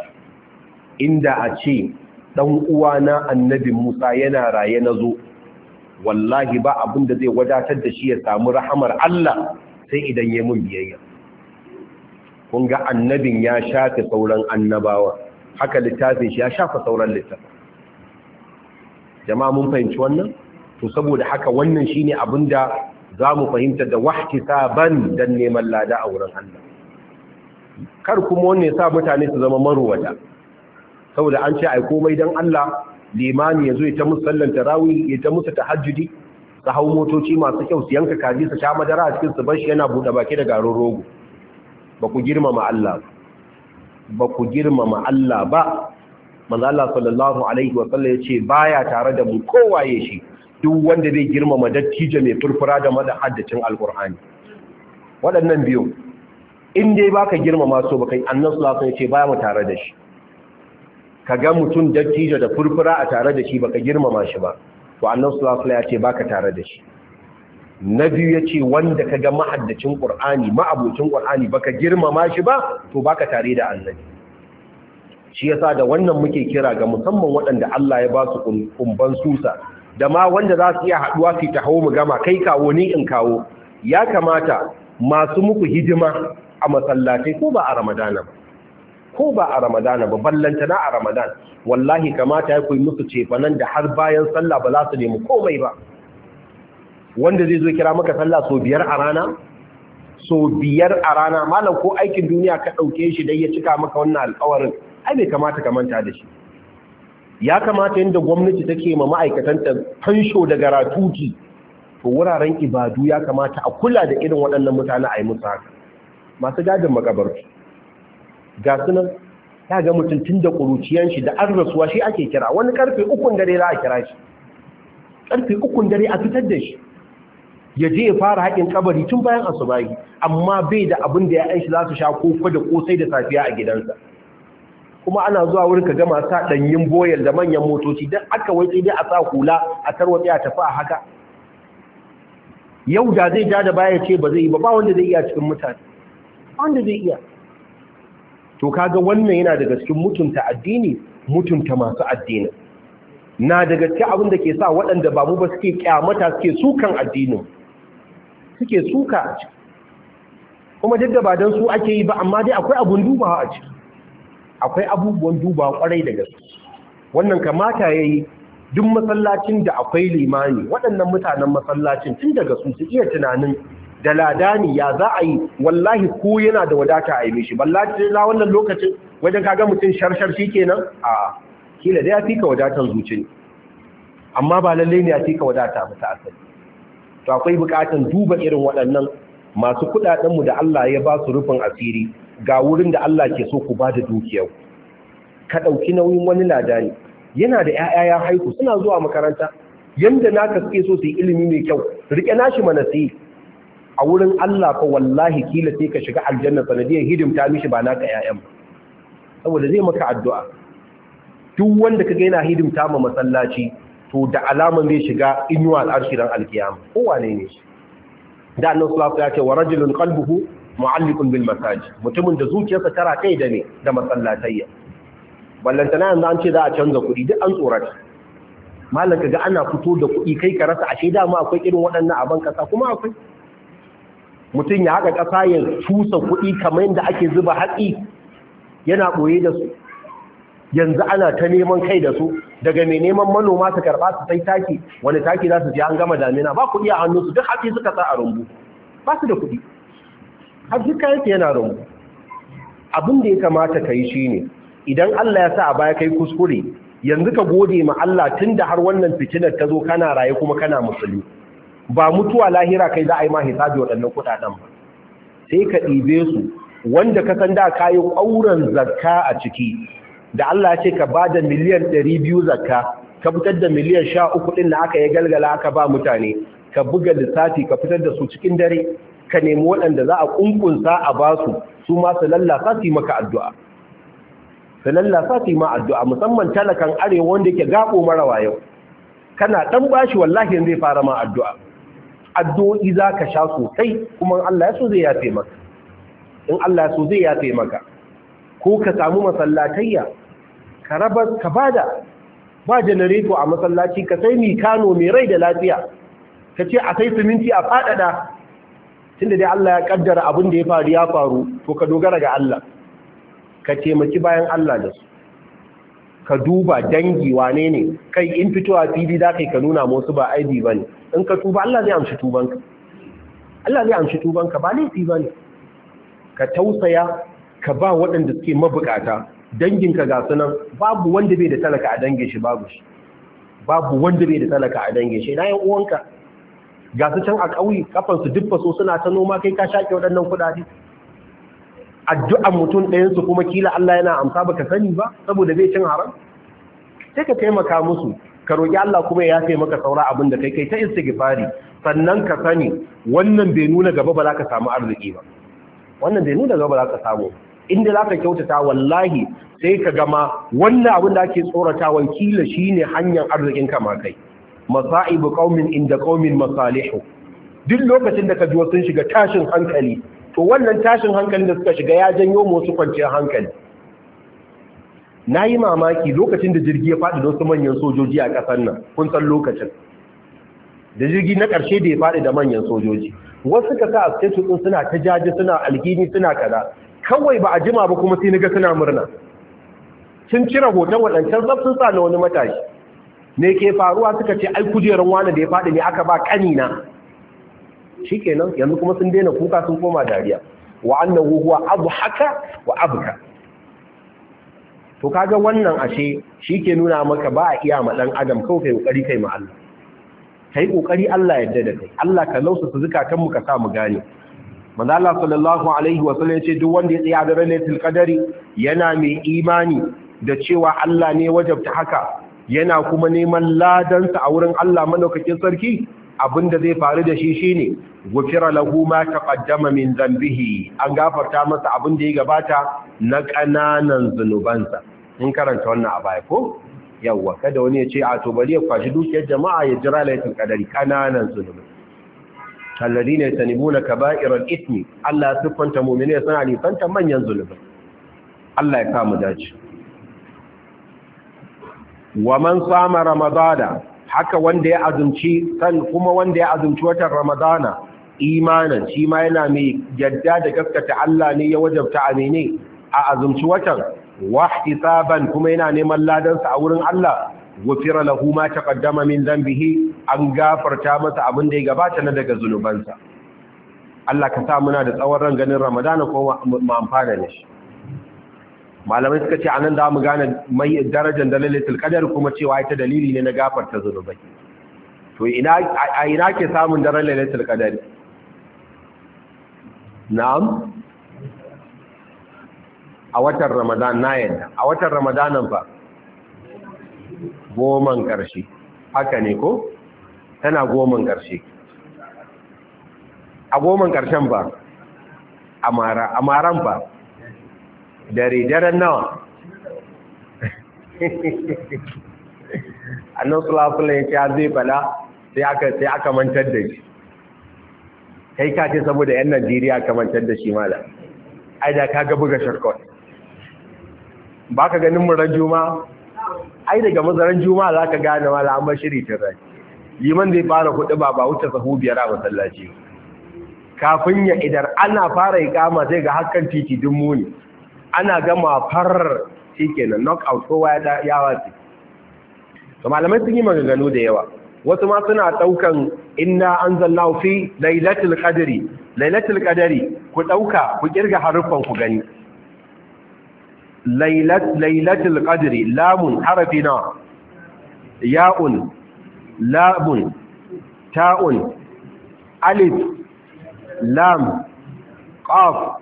inda a ce ɗan uwana annabi musa yana raye na zo wallahi ba abin da zai wadatar da shi ya samu rahamar Allah sai idan ya mun biyayya kun ga annabin ya shafe sauran annabawa haka littafin shi ya shafa sauran littafin jama'a mun fahimci wannan to saboda haka wannan shine abin da za mu fahimta da wahtisaban dan neman lada a wurin Allah kar kuma wannan ya sa mutane su zama maruwata saboda an ce ai komai dan Allah limami yazo ya ta musallan tarawih ya ta musu tahajjudi su hau motoci masu kyau su yanka kaji su sha madara a cikin su bashi yana bude baki da garin rogo ba ku girmama Allah ba ku girmama Allah ba manzo Allah sallallahu alaihi wa sallam yace baya tare da mu kowaye shi duk wanda zai girmama dattijo mai furfura da madahaddacin alqur'ani waɗannan biyu in dai baka girmama su baka annabi sallallahu alaihi yace baya mu tare da shi ka ga mutum dattijo da furfura a tare da shi baka girmama shi ba to annabi sallallahu alaihi yace baka tare da shi na biyu yace wanda ka ga mahaddacin qur'ani ma'abucin qur'ani baka girmama shi ba to baka tare da annabi shi yasa da wannan muke kira ga musamman waɗanda Allah ya ba su kumban susa da ma wanda za su iya haɗuwa su ta hau mu gama kai kawo ni in kawo ya kamata masu muku hidima a masallatai ko ba a ramadana ba ko ba a ramadana ba ballanta na a ramadan wallahi kamata ya koyi musu cefanen da har bayan sallah ba za su nemi komai ba wanda zai zo kira maka sallah so biyar a rana so biyar a rana malam ko aikin duniya ka ɗauke shi dai ya cika maka wannan alƙawarin ai bai kamata ka manta da shi ya kamata yadda gwamnati take ma ma'aikatanta fansho da garatuki to wuraren ibadu ya kamata a kula da irin waɗannan mutane a yi musu haka masu gadin makabarci ga nan ya ga mutum tun da ƙuruciyan shi da arzasuwa shi ake kira wani karfe ukun dare za a kira shi karfe ukun dare a fitar da shi ya je ya fara haƙin kabari tun bayan asubahi amma bai da abin da ya aishi za su sha kofa da kosai da safiya a gidansa kuma ana zuwa wurin ka gama sa danyin boyel da manyan motoci dan aka wai dai a sa hula a tarwatsi a tafi a haka yau da zai ja da baya ce ba zai yi ba ba wanda zai iya cikin mutane wanda zai iya to kaga wannan yana daga cikin mutunta addini mutunta masu addini na daga cikin abin da ke sa waɗanda ba mu ba suke kyamata suke sukan addinin suke suka a ciki kuma duk da ba don su ake yi ba amma dai akwai abun dubawa a ciki akwai abubuwan duba kwarai da gaske wannan kamata ya yi duk masallacin da akwai limani waɗannan mutanen masallacin tun daga su su iya tunanin da ladani ya za a yi wallahi ko yana da wadata a yi mishi ballaci na wannan lokacin wajen kaga mutum sharshar shi kenan a kila da ya fi ka wadatar zuci amma ba lalle ne ya fi ka wadata ba asali to akwai bukatan duba irin waɗannan masu mu da Allah ya ba su rufin asiri ga wurin da Allah ke so ku ba da dukiyar ka ɗauki nauyin wani ladani yana da 'ya'ya ya haihu suna zuwa makaranta yanda naka suke so su yi ilimi mai kyau rike nashi mana a wurin Allah fa wallahi kila sai ka shiga aljanna sanadiyar hidimta mishi ba naka 'ya'yan ba saboda zai maka addu'a duk wanda ka yana hidimta ma masallaci to da alaman zai shiga inuwa al'arshiran alkiyama kowane ne shi da annabi sallallahu ya ce wa rajulun qalbuhu mu'allikun bil masaji mutumin da zuciyarsa tara kai da ne da masallatayya ballantana yanzu an ce za a canza kuɗi duk an tsorata malam kaga ana fito da kuɗi kai ka rasa ashe dama akwai irin waɗannan aban kasa kuma akwai mutum ya haka ƙasa ya cusa kuɗi kamar yadda ake zuba haƙi yana ɓoye da su yanzu ana ta neman kai da su daga mai neman manoma su karɓa su sai taki wani taki za su je an gama damina ba kuɗi a su duk haƙi suka sa a rumbu ba su da kuɗi har yake yana mu abin da ya kamata ka yi shi ne, idan Allah ya sa a baya kai kuskure yanzu ka gode ma Allah tun da har wannan fitinar ta zo kana raye kuma kana musulmi ba mutuwa lahira kai za a yi ma hisabi waɗannan kuɗaɗen ba sai ka ɗibe su wanda ka san da ka yi ƙauran zakka a ciki da Allah ya ce ka ba da miliyan ɗari biyu zakka ka fitar da miliyan sha uku ɗin da aka yi galgala aka ba mutane ka buga lissafi ka fitar da su cikin dare ka nemi waɗanda za a ƙunƙunsa a ba su su ma su lallasa su yi maka addu'a su lallasa su yi ma addu'a musamman talakan arewa wanda yake gaɓo mara yau kana ɗan bashi wallahi zai fara ma addu'a addu'o'i za ka sha sosai kuma Allah ya so zai yafe maka in Allah so zai yafe maka ko ka samu masallatayya ka rabar ka bada ba janareto a masallaci ka sai mi kano mai rai da lafiya ka ce a sai siminti a faɗaɗa tunda dai Allah ya kaddara abin da ya faru ya faru to ka dogara ga Allah ka taimaki bayan Allah da su ka duba dangi wane ne kai in fitowa fili za kai ka nuna musu ba aibi ba ne in ka tuba Allah zai amshi tubanka Allah zai amshi tubanka ba laifi ba ne ka tausaya ka ba waɗanda suke mabukata danginka ga nan babu wanda bai da talaka a dangin shi babu shi babu wanda bai da talaka a dangin shi na yan uwanka ga su can a ƙauye kafansu duk so suna ta noma kai ka shaƙe waɗannan kuɗaɗe addu'an mutum ɗayansu kuma kila Allah yana amsa ba ka sani ba saboda bai cin haram sai ka taimaka musu ka roƙi Allah kuma ya yafe maka saura abin da kai kai ta istighfari sannan ka sani wannan bai nuna gaba ba za ka samu arziki ba wannan bai nuna gaba za ka samu inda za ka kyautata wallahi sai ka gama wannan abin da ake tsoratawan kila shine hanyar arzikin ka kai masa'ibu qaumin inda qaumin masalihu duk lokacin da ka ji sun shiga tashin hankali to wannan tashin hankali da suka shiga ya janyo musu kwanciyar hankali nayi mamaki lokacin da jirgi ya faɗi don su manyan sojoji a ƙasar nan kun san lokacin da jirgi na ƙarshe da ya faɗi da manyan sojoji wasu ka sa a cikin ɗin suna ta jaji suna alhini suna kaza kawai ba a jima ba kuma sai na ga suna murna sun cire hoton waɗancan zafin sun sa na wani matashi Ne ke faruwa suka ce ai kujerar wani da ya faɗi ne aka ba kanina shikenan yanzu kuma sun daina kuka sun koma dariya wa annahu huwa haka wa abuka. to kaga wannan ashe shi ke nuna maka ba a iya maɗan dan adam kawai kai ƙoƙari kai ma Allah yi ƙoƙari Allah yadda da kai Allah ka lausa su zuka kanmu ka sa mu gane manzo Allah sallallahu alaihi wa sallam ce duk wanda ya tsaya da lailatul qadari yana mai imani da cewa Allah ne wajabta haka yana kuma neman ladansa a wurin Allah manaukakin sarki abinda zai faru da shi shi ne gufira lahu ma taqaddama min dhanbihi an gafarta masa abin da ya gabata na kananan zunubansa in karanta wannan a baya ko yawa kada wani ya ce a to bari ya kwashi dukiyar jama'a ya jira laifin kadari kananan ta alladhina yatanibuna kaba'ira al-ithmi Allah ya siffanta mu'mini suna nisanta manyan zunubai Allah ya kama dace wa man sama ramadana haka wanda ya azumci san kuma wanda ya azumci watan ramadana imanan shi ma yana mai yadda da gaskata Allah ne ya wajabta amine a azumci watan hisaban kuma yana neman ladansa a wurin Allah gufira lahu ma taqaddama min dhanbihi an gafarta masa abin da ya gabata na daga zunubansa Allah ka sa muna da tsawon ran ganin Ramadana ko mu amfana da shi malamai suka ce anan da mu gane mai darajar dalalatul qadar kuma cewa ita dalili ne na gafarta zunubai to ina a ina ke samun dalalatul qadari na'am a watan ramadan na yadda a watan ramadanan ba goman ƙarshe haka ne ko tana goman ƙarshe a goman ƙarshen ba a mara a maran ba dare daren nawa annan sulafula ya ce an zai fada sai aka sai aka mantar da shi kai ka ce saboda yan najeriya ka mantar da shi mala ai da ka ga buga shirkot ba ka ganin mu ran ai daga mazaran Juma za ka gane mala an shiri ta rai liman zai fara kuɗi ba ba wuce sahu biyar a masallaci kafin ya idar ana fara ikama sai ga hakan titi dun muni ana gama farar shi kenan knockout kowa ya wace to malamai sun yi maganganu da yawa wasu ma suna ɗaukan inna an zalla fi lailatul qadri lailatul qadri ku ɗauka ku kirga haruffan ku gani lailat lailatul qadri lamun harafi ya'un labun ta'un alif lam qaf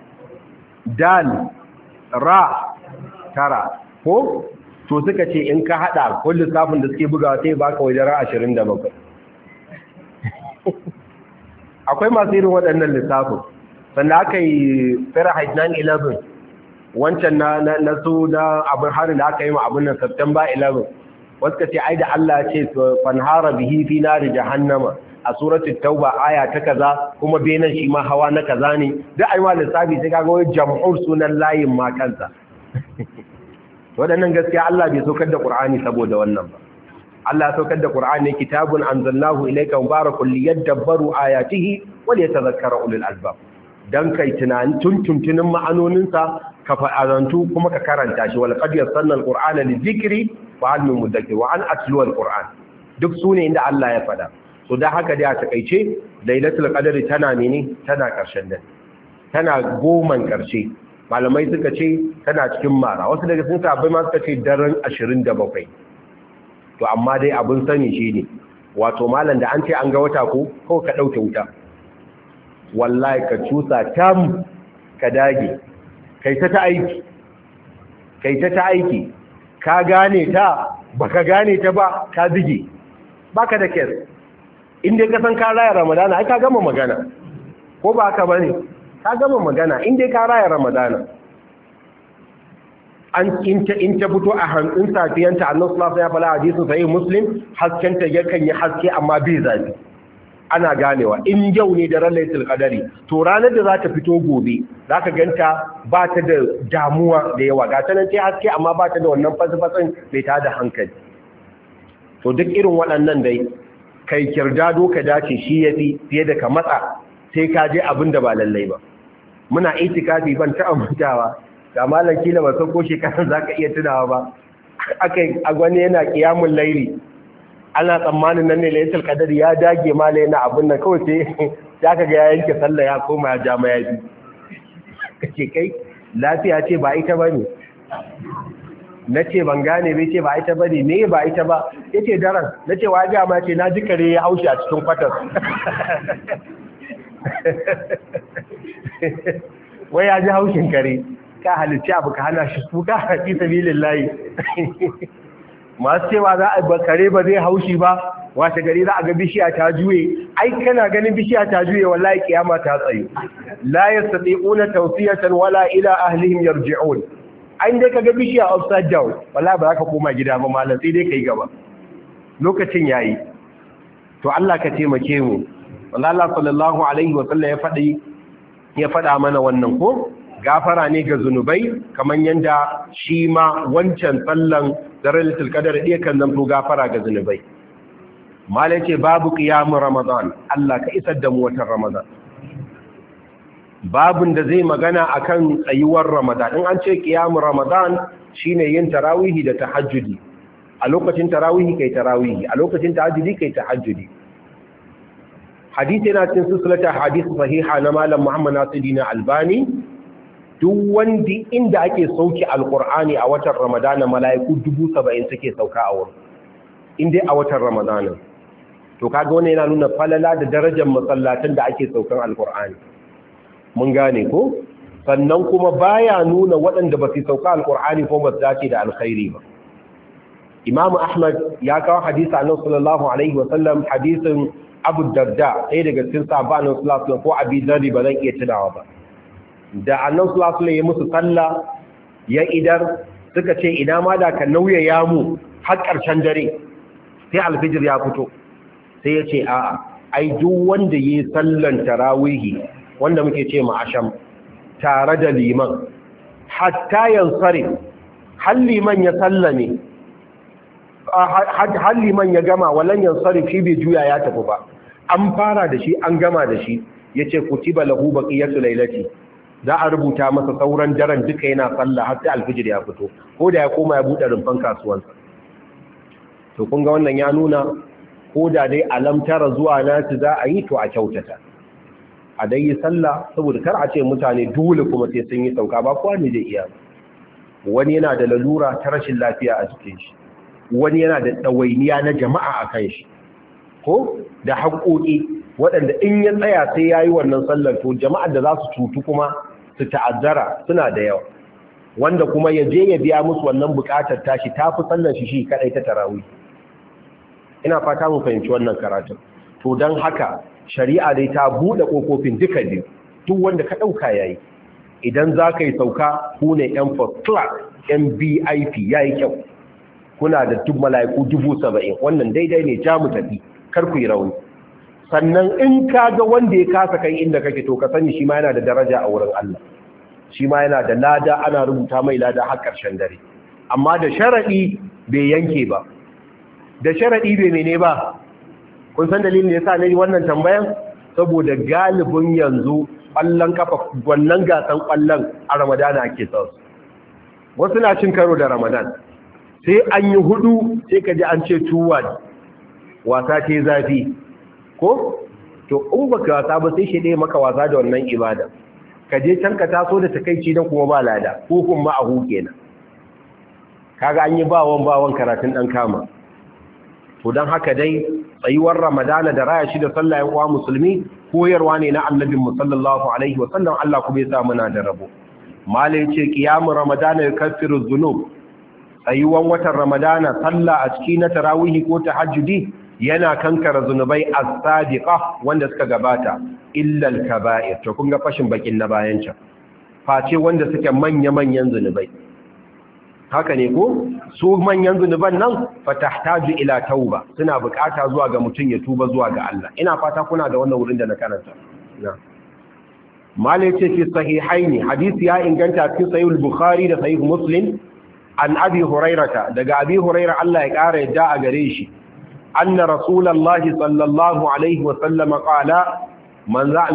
dal ra tara ko to suka ce in ka hada kullu lissafin da suke bugawa sai baka wajen ra 27 akwai masu irin waɗannan lissafin sannan aka yi fahrenheit 11 wancan na na su na abin harin da aka yi ma abin nan september 11 wasu ka ce ai da allah ce fanhara bihi fi da jahannama a suratul tauba aya ta kaza kuma benan shi ma hawa na kaza ne duk ai ma lissafi sai kaga wai jam'ur sunan layin ma kansa waɗannan gaskiya Allah bai saukar da Qur'ani saboda wannan ba Allah ya saukar da Qur'ani kitabun anzalnahu ilayka mubarakun liyadabbaru ayatihi wa liyatadhakkara ulul albab dan kai tunanin tuntuntunin ma'anoninsa ka fa'arantu kuma ka karanta shi wal qad yassanna al-qur'ana lidhikri wa hal min mudakkir wa an atlu al duk sune inda Allah ya fada to da haka dai a takaice lailatul qadari tana mene tana karshen dare tana goman karshe malamai suka ce tana cikin mara wasu daga sun sabai ma suka ce daren 27 to amma dai abin sani ne, wato malam da an ce an ga wata ko ko ka dauke wuta wallahi ka cusa tam ka dage kai ta ta aiki kai ta ta aiki ka gane ta baka gane ta ba ka zige baka da kes in dai ka san ka raya ramadana ai ka gama magana ko ba haka bane ka gama magana in ka raya ramadana an in ta fito a hantsin safiyanta Allah sallallahu alaihi wasallam hadisi sahih muslim hasken ta yakan yi haske amma bai zafi ana ganewa in yau ne da ran qadari to ranar da za ta fito gobe za ka ganta ba ta da damuwa da yawa ga ta nan ta haske amma ba ta da wannan fasfasan bai ta da hankali to duk irin waɗannan dai kai kirda doka dace shi ya yafi fiye da ka matsa sai ka je abin da ba lallai ba muna itikafi ban ta amintawa ga malam kila ba san ko shekaran zaka iya tunawa ba akai agwani yana qiyamul laili ana tsammanin nan ne lailatul qadar ya dage ma yana abin nan kawai sai ya ga ya yanke sallah ya koma ya ja mayafi kace kai lafiya ce ba ita bane na ce ban gane bai ce ba ita ba ne ne ba ita ba ya ce daren na ce wa gaya ma ce na ji kare ya haushi a cikin kwatar wai ya ji haushin kare ka halitta abu ka hana shi kuka haƙi sabilin layi masu cewa za a kare ba zai haushi ba wata gari za a ga bishiya ta juye ai kana ganin bishiya ta juye wallahi kiyama ta tsaye la yastati'una tawsiyatan wala ila ahlihim yarji'un an dai kaga bishiya upside down wallahi ba za ka koma gida ba malam sai dai kai gaba lokacin yayi to Allah ka taimake mu wallahi Allah sallallahu alaihi wa sallam ya fadi ya fada mana wannan ko gafara ne ga zunubai kamar yadda shi ma wancan sallan darajatul qadar ɗaya kan zanto gafara ga zunubai Malam ce babu ƙiyamun ramadan Allah ka isar da mu watan ramadan babin da zai magana a kan tsayuwar ramadan in an ce kiyamun ramadan shine yin tarawihi da tahajjudi a lokacin tarawihi kai tarawihi a lokacin tahajjudi kai tahajjudi hadisi yana cikin silsilata hadisi sahiha na malam Muhammad Nasiruddin Albani duk wanda inda ake sauki alqur'ani a watan ramadana mala'iku 70 suke sauka a wurin inda a watan ramadana to kaga wannan yana nuna falala da darajar masallatan da ake saukan alqur'ani mun gane ko sannan kuma baya nuna waɗanda ba su sauka alƙur'ani ko ba su dace da alkhairi ba imamu ahmad ya kawo hadisa annabi sallallahu alaihi wa sallam hadisin abu darda ɗaya daga cikin sahabban sallallahu ko abi zari ba zan iya tunawa ba da annabi sallallahu ya musu sallah ya idar suka ce ina ma da ka nauya ya mu har ƙarshen dare sai alfijir ya fito sai ya ce a'a ai duk wanda yayi sallan tarawihi wanda muke ce ma asham tare da liman hatta yansari halliman ya sallame halliman ya gama walan yansari shi bai juya ya tafi ba an fara da shi an gama da shi yace kutiba lahu baqiyatu lailati za a rubuta masa sauran daren duka yana sallah har sai alfijir ya fito ko da ya koma ya buɗe rumfan kasuwansa to kun ga wannan ya nuna ko da dai alamtara zuwa nasu za a yi to a kyautata a dai yi sallah saboda kar a ce mutane dole kuma sai sun yi sauka ba kowa ne zai iya wani yana da lalura ta rashin lafiya a jikin shi wani yana da ɗawainiya na jama'a a kan shi ko da haƙoƙi waɗanda in ya tsaya sai ya yi wannan sallar to jama'a da za su cutu kuma su ta'azzara suna da yawa wanda kuma ya je ya biya musu wannan buƙatar tashi ta fi sallar shi shi kaɗai ta tarawi ina fata mu fahimci wannan karatun to don haka shari'a dai ta buɗe ƙofofin duka biyu duk wanda ka ɗauka ya yi idan za ka yi sauka ku ne yan first class yan bip ya yi kyau kuna da duk mala'iku dubu saba'in wannan daidai ne jamu tafi kar ku yi rauni sannan in ka ga wanda ya kasa kai inda kake to ka sani shi ma yana da daraja a wurin Allah shi ma yana da lada ana rubuta mai lada har ƙarshen dare amma da sharaɗi bai yanke ba da sharaɗi bai mene ba kun san dalilin da yasa na wannan tambayan saboda galibin yanzu ƙwallon kafa wannan gasan ƙwallon a ramadan ake sa su wasu na cin karo da ramadan sai an yi hudu sai ka ji an ce tuwa wasa ce zafi ko to in baka wasa ba sai shede maka wasa da wannan ibada ka je can ka taso da takaici na kuma ba lada ko kuma a kenan kaga an yi bawon bawon karatun dan kama to don haka dai tsayuwar ramadana da raya shi da sallah uwa musulmi koyarwa ne na annabin musallallahu alaihi wa Allah kuma ya sa muna da rabo mala ce qiyamu ramadana kafiru dhunub tsayuwan watan ramadana sallah a ciki na tarawihi ko tahajjudi yana kankara zunubai as-sadiqa wanda suka gabata illa al-kaba'ir to kun ga fashin bakin na bayan can face wanda suke manya-manyan zunubai haka ne ko su manyan zunuban nan fatahtaju ila tauba suna bukata zuwa ga mutum ya tuba zuwa ga Allah ina fata kuna da wannan wurin da na karanta mala ce fi sahihaini hadisi ya inganta cikin sahih bukhari da sahih muslim an abi hurairata daga abi hurairah Allah ya kara yadda a gare shi anna rasulullahi sallallahu alaihi wa sallam qala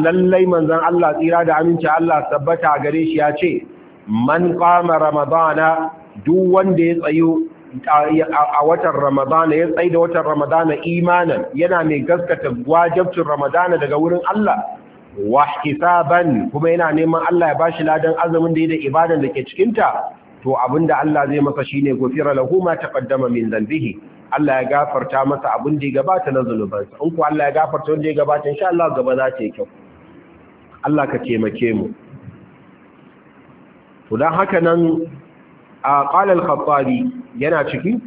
lallai manzan Allah tsira da aminci Allah tabbata a gare shi ya ce man qama ramadana duk wanda ya tsayo a watan ramadana ya tsaye da watan ramadana imanan yana mai gaskata wajabcin ramadana daga wurin Allah wa hisaban kuma yana neman Allah ya bashi ladan azumin da ya da ibadan da ke cikinta to abinda Allah zai masa shine gofira lahu ma taqaddama min dhanbihi Allah ya gafarta masa abin da ya gabata na zunubansa in ku Allah ya gafarta wanda ya gabata insha Allah gaba za ta yi kyau Allah ka taimake mu to dan haka nan a ƙalal khattabi yana ciki?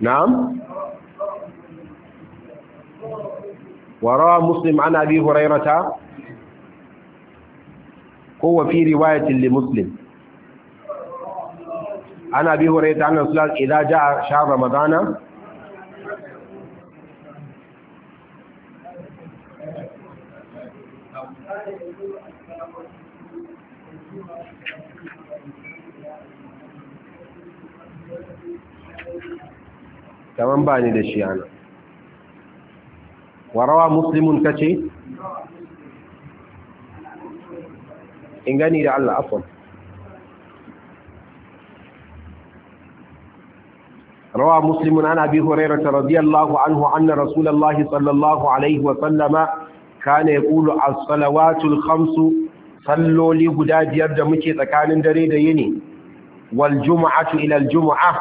na'am? warawa muslim ana bi hurairata ko wa fi riwayatin li muslim ana bi hurairata annan sulat idan ja a sha ramadana kaman ba ni da shi ana warawa muslimun kace in gani da Allah afwan روى مسلم عن أبي هريرة رضي الله عنه أن عن رسول الله صلى الله عليه وسلم كان يقول الصلوات الخمس صلوا لي قداد مكي تكان دريد يني والجمعة إلى الجمعة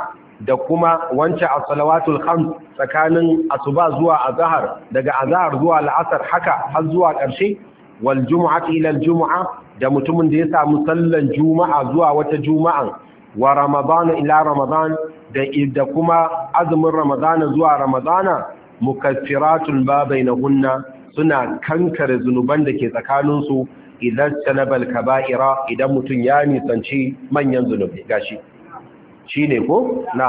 da kuma wancan Asalawatul salawatul khams tsakanin asuba zuwa azhar daga azhar zuwa al'asar haka har zuwa ƙarshe wal jumu'ati ila al da mutumin da ya samu sallan juma'a zuwa wata juma'a wa ramadan ila ramadan da idda kuma azumin ramazana zuwa ramadana mukaffiratun ba bainahunna suna kankare zunuban da ke tsakaninsu idan sanabal kaba'ira idan mutum ya nisanci manyan zunubi gashi shi ne ko na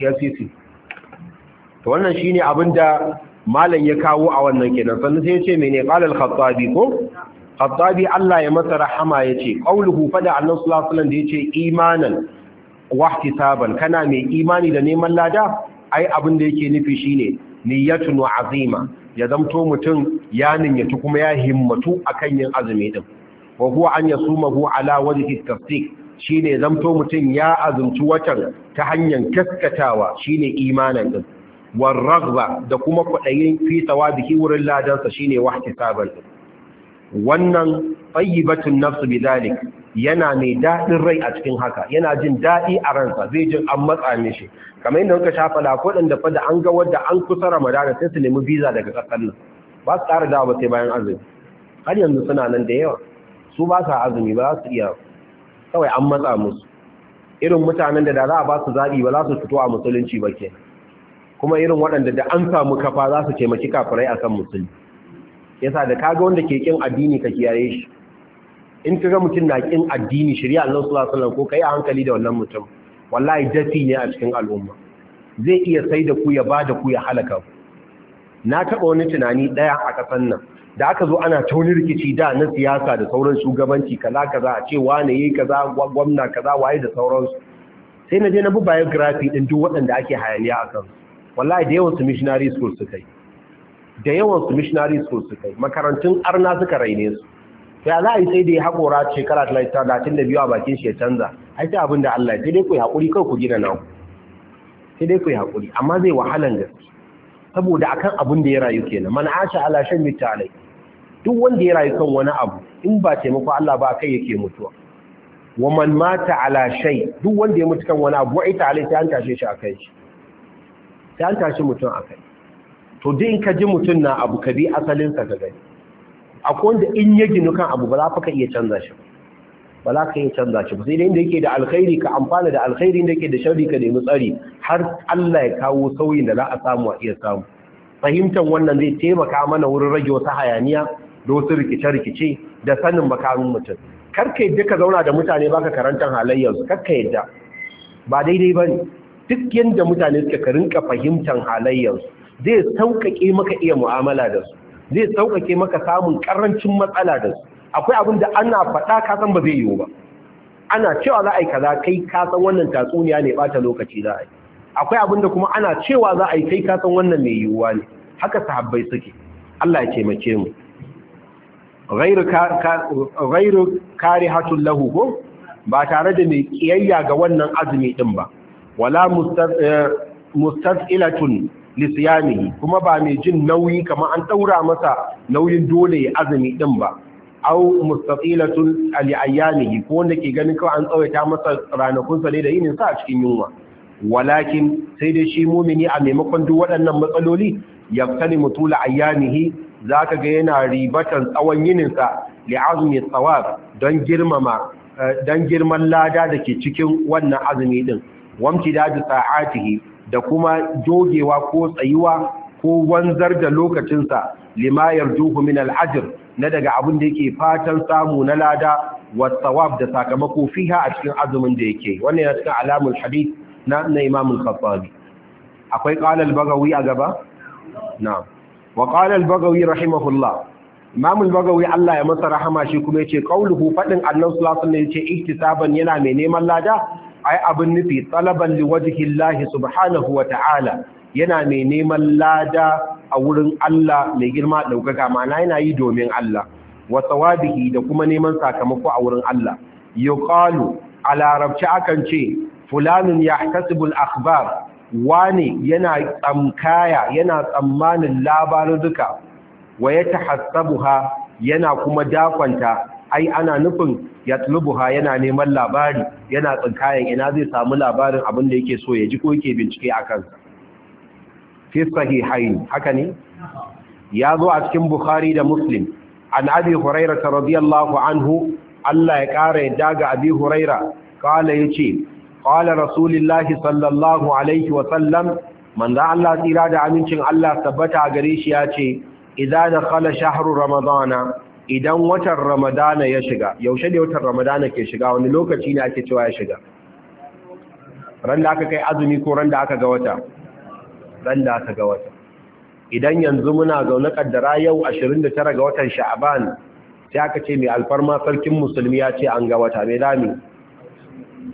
LCC. to wannan shi ne abinda malam ya kawo a wannan kenan sannan sai ya ce mene ƙalal khattabi ko khattabi Allah ya masa rahama ya ce ƙauluhu fada annan sulasulan da ya ce imanan ihtisaban kana mai imani da neman lada ai abin da yake nufi shine niyyatun azima ya zamto mutum ya niyyatu kuma ya himmatu akan yin azumi din wa huwa an yasumahu ala wajhi tasdiq Shi ne zamto mutum ya azumci watan ta hanyar kaskatawa shi ne imanin din war da kuma kudayin fi sawabihi wurin ladansa shine din. wannan batun nafs bidalik yana mai daɗin rai a cikin haka yana jin daɗi a ransa zai jin an matsa mishi kamar yadda muka shafa la da fada da an ga wadda an kusa ramadana sai su nemi visa daga ƙasar nan ba su ƙara dawa ba sai bayan azumi har yanzu suna nan da yawa su ba sa azumi ba za su iya kawai an matsa musu irin mutanen da da za a ba su zaɓi ba za su fito a musulunci ba ke kuma irin waɗanda da an samu kafa za su taimaki kafirai akan musulmi yasa da kaga wanda ke kin addini ka kiyaye shi in ka ga mutum na kin addini shirya Allah sallallahu alaihi wasallam ko yi a hankali da wannan mutum wallahi dafi ne a cikin al'umma zai iya sai da ku ya ba da ku ya halaka na taɓa wani tunani ɗaya a ƙasar nan da aka zo ana tauni rikici da na siyasa da sauran shugabanci kaza kaza a ce wane yayi kaza gwamna kaza waye da sauransu sai na je na bi biography din duk waɗanda ake hayaniya a kan wallahi da yawan su missionary school su kai da yawan su missionary school su kai makarantun arna suka raine su sai za a yi sai dai haƙora shekara talatin da biyu a bakin shi ya canza ai sai abin da Allah sai dai ku yi haƙuri kawai ku gina naku sai dai ku yi haƙuri amma zai wahalan gaske saboda akan abin da ya rayu kenan man asha ala shan mitalai duk wanda ya rayu kan wani abu in ba taimako Allah ba kai yake mutuwa wa man mata ala shay duk wanda ya mutu kan wani abu wai ta alai ta an tashi shi akai shi ta an tashi mutum akai to duk in ka ji mutum na abu ka bi asalin sa ka gani akwai wanda in ya ginu kan abu ba za ka iya canza shi ba za ka iya canza shi ba sai dai inda yake da alkhairi ka amfana da alkhairi inda yake da sharri ka nemi tsari har Allah ya kawo sauyin da za a samu a iya samu fahimtar wannan zai taimaka mana wurin rage wata hayaniya Dosin rikice-rikice da sanin makamin mutum karka yadda ka zauna da mutane baka karantar halayyarsu karka yadda ba daidai ba ne duk yadda mutane suka karinka fahimtar halayyarsu zai sauƙaƙe maka iya mu'amala da su zai sauƙaƙe maka samun ƙarancin matsala da su akwai abin da ana faɗa kasan san ba zai yiwu ba ana cewa za a yi kaza kai ka wannan tatsuniya ne ɓata lokaci za a yi akwai abin da kuma ana cewa za a yi kai kasan wannan mai yiwuwa ne haka sahabbai suke Allah ya taimake mu ghairu karihatun lahu ko ba tare da mai kiyayya ga wannan azumi din ba wala mustasilatun eh, lisiyamihi kuma ba mai jin nauyi kamar an daura masa nauyin dole azumi din ba au mustasilatun aliayyamihi ko wanda ke ganin kawai an tsawaita masa ranakunsa ne da yinin sa a cikin yunwa walakin sai dai shi mumini a maimakon duk waɗannan matsaloli yaftani mutula ayyamihi za ka ga yana ribatan tsawon yininsa li'azumi tsawab don girmama eh, don girman lada da ke cikin wannan azumi din wamci daji sa'atihi da kuma jogewa ko tsayuwa ko wanzar da lokacinsa limayar juhu min al'ajir na daga abin da yake fatan samu na lada wa tsawab da sakamako fiha a cikin azumin da yake wannan yana cikin alamun hadith na na akwai qala al a gaba wa qala al-bagawi rahimahullah imam al-bagawi Allah ya masa rahma shi kuma yace qauluhu fadin annabi sallallahu alaihi wasallam yace ihtisaban yana mai neman lada ai abin nufi talaban liwajhi Allah subhanahu wa ta'ala yana mai neman lada a wurin Allah mai girma daukaka mana yana yi domin Allah wa thawabihi da kuma neman sakamako a wurin Allah yuqalu a larabci akan ce fulanun yahtasibul akhbar wane yana tsamkaya yana tsammanin labarin duka wa ya ha yana kuma dakwanta ai ana nufin ya ha yana neman labari yana tsinkayen ina zai samu labarin abin da yake so ya ji ko yake bincike a kansa fi hain haka ne ya zo a cikin bukhari da muslim an abi hurairah radiyallahu anhu Allah ya ƙara ya daga abi ƙala kala ce. qala rasulullahi sallallahu alaihi wa sallam manzo Allah tsira da amincin Allah tabbata gare shi ya ce idza dakhala shahru ramadana idan watan ramadana ya shiga yaushe ne watan ramadana ke shiga wani lokaci ne ake cewa ya shiga ran da aka kai azumi ko ran da aka ga wata ran da aka ga wata idan yanzu muna zaune kaddara yau 29 ga watan Sha'aban, sai aka ce mai alfarma sarkin musulmi ya ce an ga wata mai dami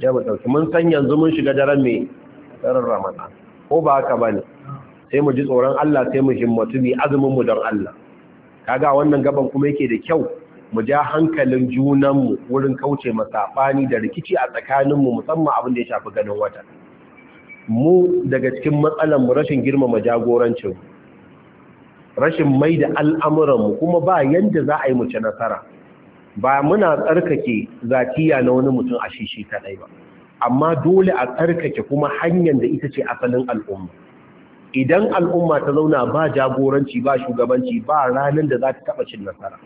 sai mu mun san yanzu mun shiga daren mai daren ramadan ko ba haka ba ne sai mu ji tsoron Allah sai mu himmatu mu azumin mu don Allah kaga wannan gaban kuma yake da kyau mu ja hankalin junanmu wurin kauce masafani da rikici a tsakaninmu musamman abin da ya shafi ganin wata mu daga cikin matsalan mu rashin girmama jagorancin rashin mai da mu kuma ba yadda za a yi mu ci nasara ba muna tsarkake zatiya na wani mutum a shishi ɗai ba amma dole a tsarkake kuma hanyar da ita ce asalin al'umma idan al'umma ta zauna ba jagoranci ba shugabanci ba ranar da za ta taba cin nasara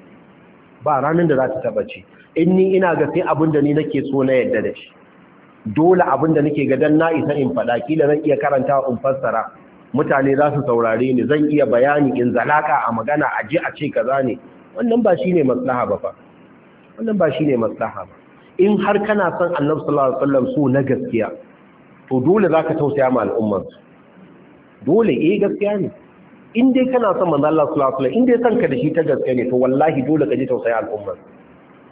ba ranar da za ta taba ci in ni ina ga sai abin da ni nake so na yadda da shi dole abin da nake ga dan na isa in faɗa kila zan iya karantawa in fassara mutane za su saurare ni zan iya bayani in zalaka a magana a je a ce kaza ne wannan ba shine maslaha ba fa wannan ba shi ne maslaha ba in har kana son annabi sallallahu alaihi wasallam so na gaskiya to dole zaka tausaya ma al'umma dole eh gaskiya ne in dai kana son manzo Allah sallallahu alaihi wasallam in dai sanka da shi ta gaskiya ne to wallahi dole ka ji tausaya al'umma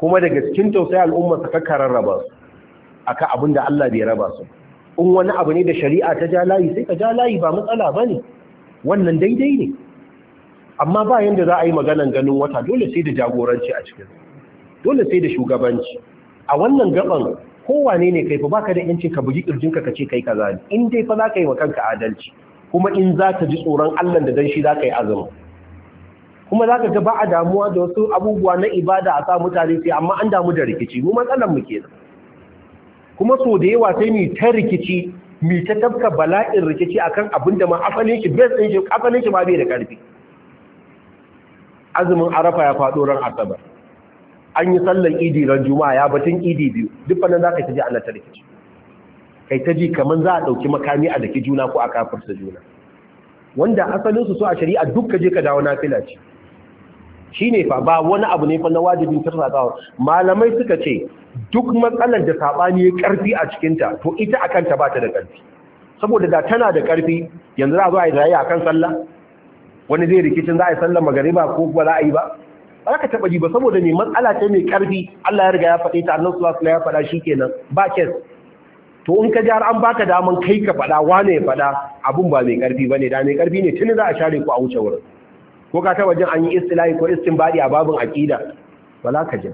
kuma daga cikin tausaya al'umma ka kararraba su aka abinda Allah bai raba su in wani abu ne da shari'a ta ja layi sai ka ja layi ba matsala bane wannan daidai ne amma ba yanda za a yi maganan ganin wata dole sai da jagoranci a cikin dole sai da shugabanci a wannan gaban kowane ne kai fa baka da yanci ka bugi kirjinka ka ce kai kaza ne in dai fa zaka yi wa kanka adalci kuma in zaka ji tsoron Allah da dan shi zaka yi azumi kuma zaka ga ba a damuwa da wasu abubuwa na ibada a sa mutane sai amma an damu da rikici mu matsalar mu kenan kuma so da yawa sai ni ta rikici mi ta tafka bala'in rikici akan abin da ma afalin shi base din shi afalin shi ma bai da karfi azumin arafa ya faɗo ran asabar an yi sallar idi ran juma'a ya batun idi biyu duk fannin za ka ta ji ana ta rikici kai ta ji kamar za a ɗauki makami a daki juna ko a kafarsa juna wanda asalinsu su so a shari'a duk ka je ka dawo nafila ce Shi ne fa ba wani abu ne fannin na wajibin tarzawa malamai suka ce duk matsalar da sabani ya karfi a cikinta, to ita ba ta bata da karfi saboda da tana da karfi yanzu za a zo a yi a akan sallah wani zai rikicin za a yi sallah magariba ko ba za a yi ba ba ka taɓa ji ba saboda mai matsala ce mai ƙarfi Allah ya riga ya faɗe ta alaihi wasallam ya faɗa shi kenan ba kes to in ka ji har an baka daman kai ka faɗa wane ya faɗa abun ba mai ƙarfi ba ne da mai ƙarfi ne tuni za a share ku a wuce wurin ko ka taɓa jin an yi istilahi ko istinbadi a babin aƙida ba za ka ji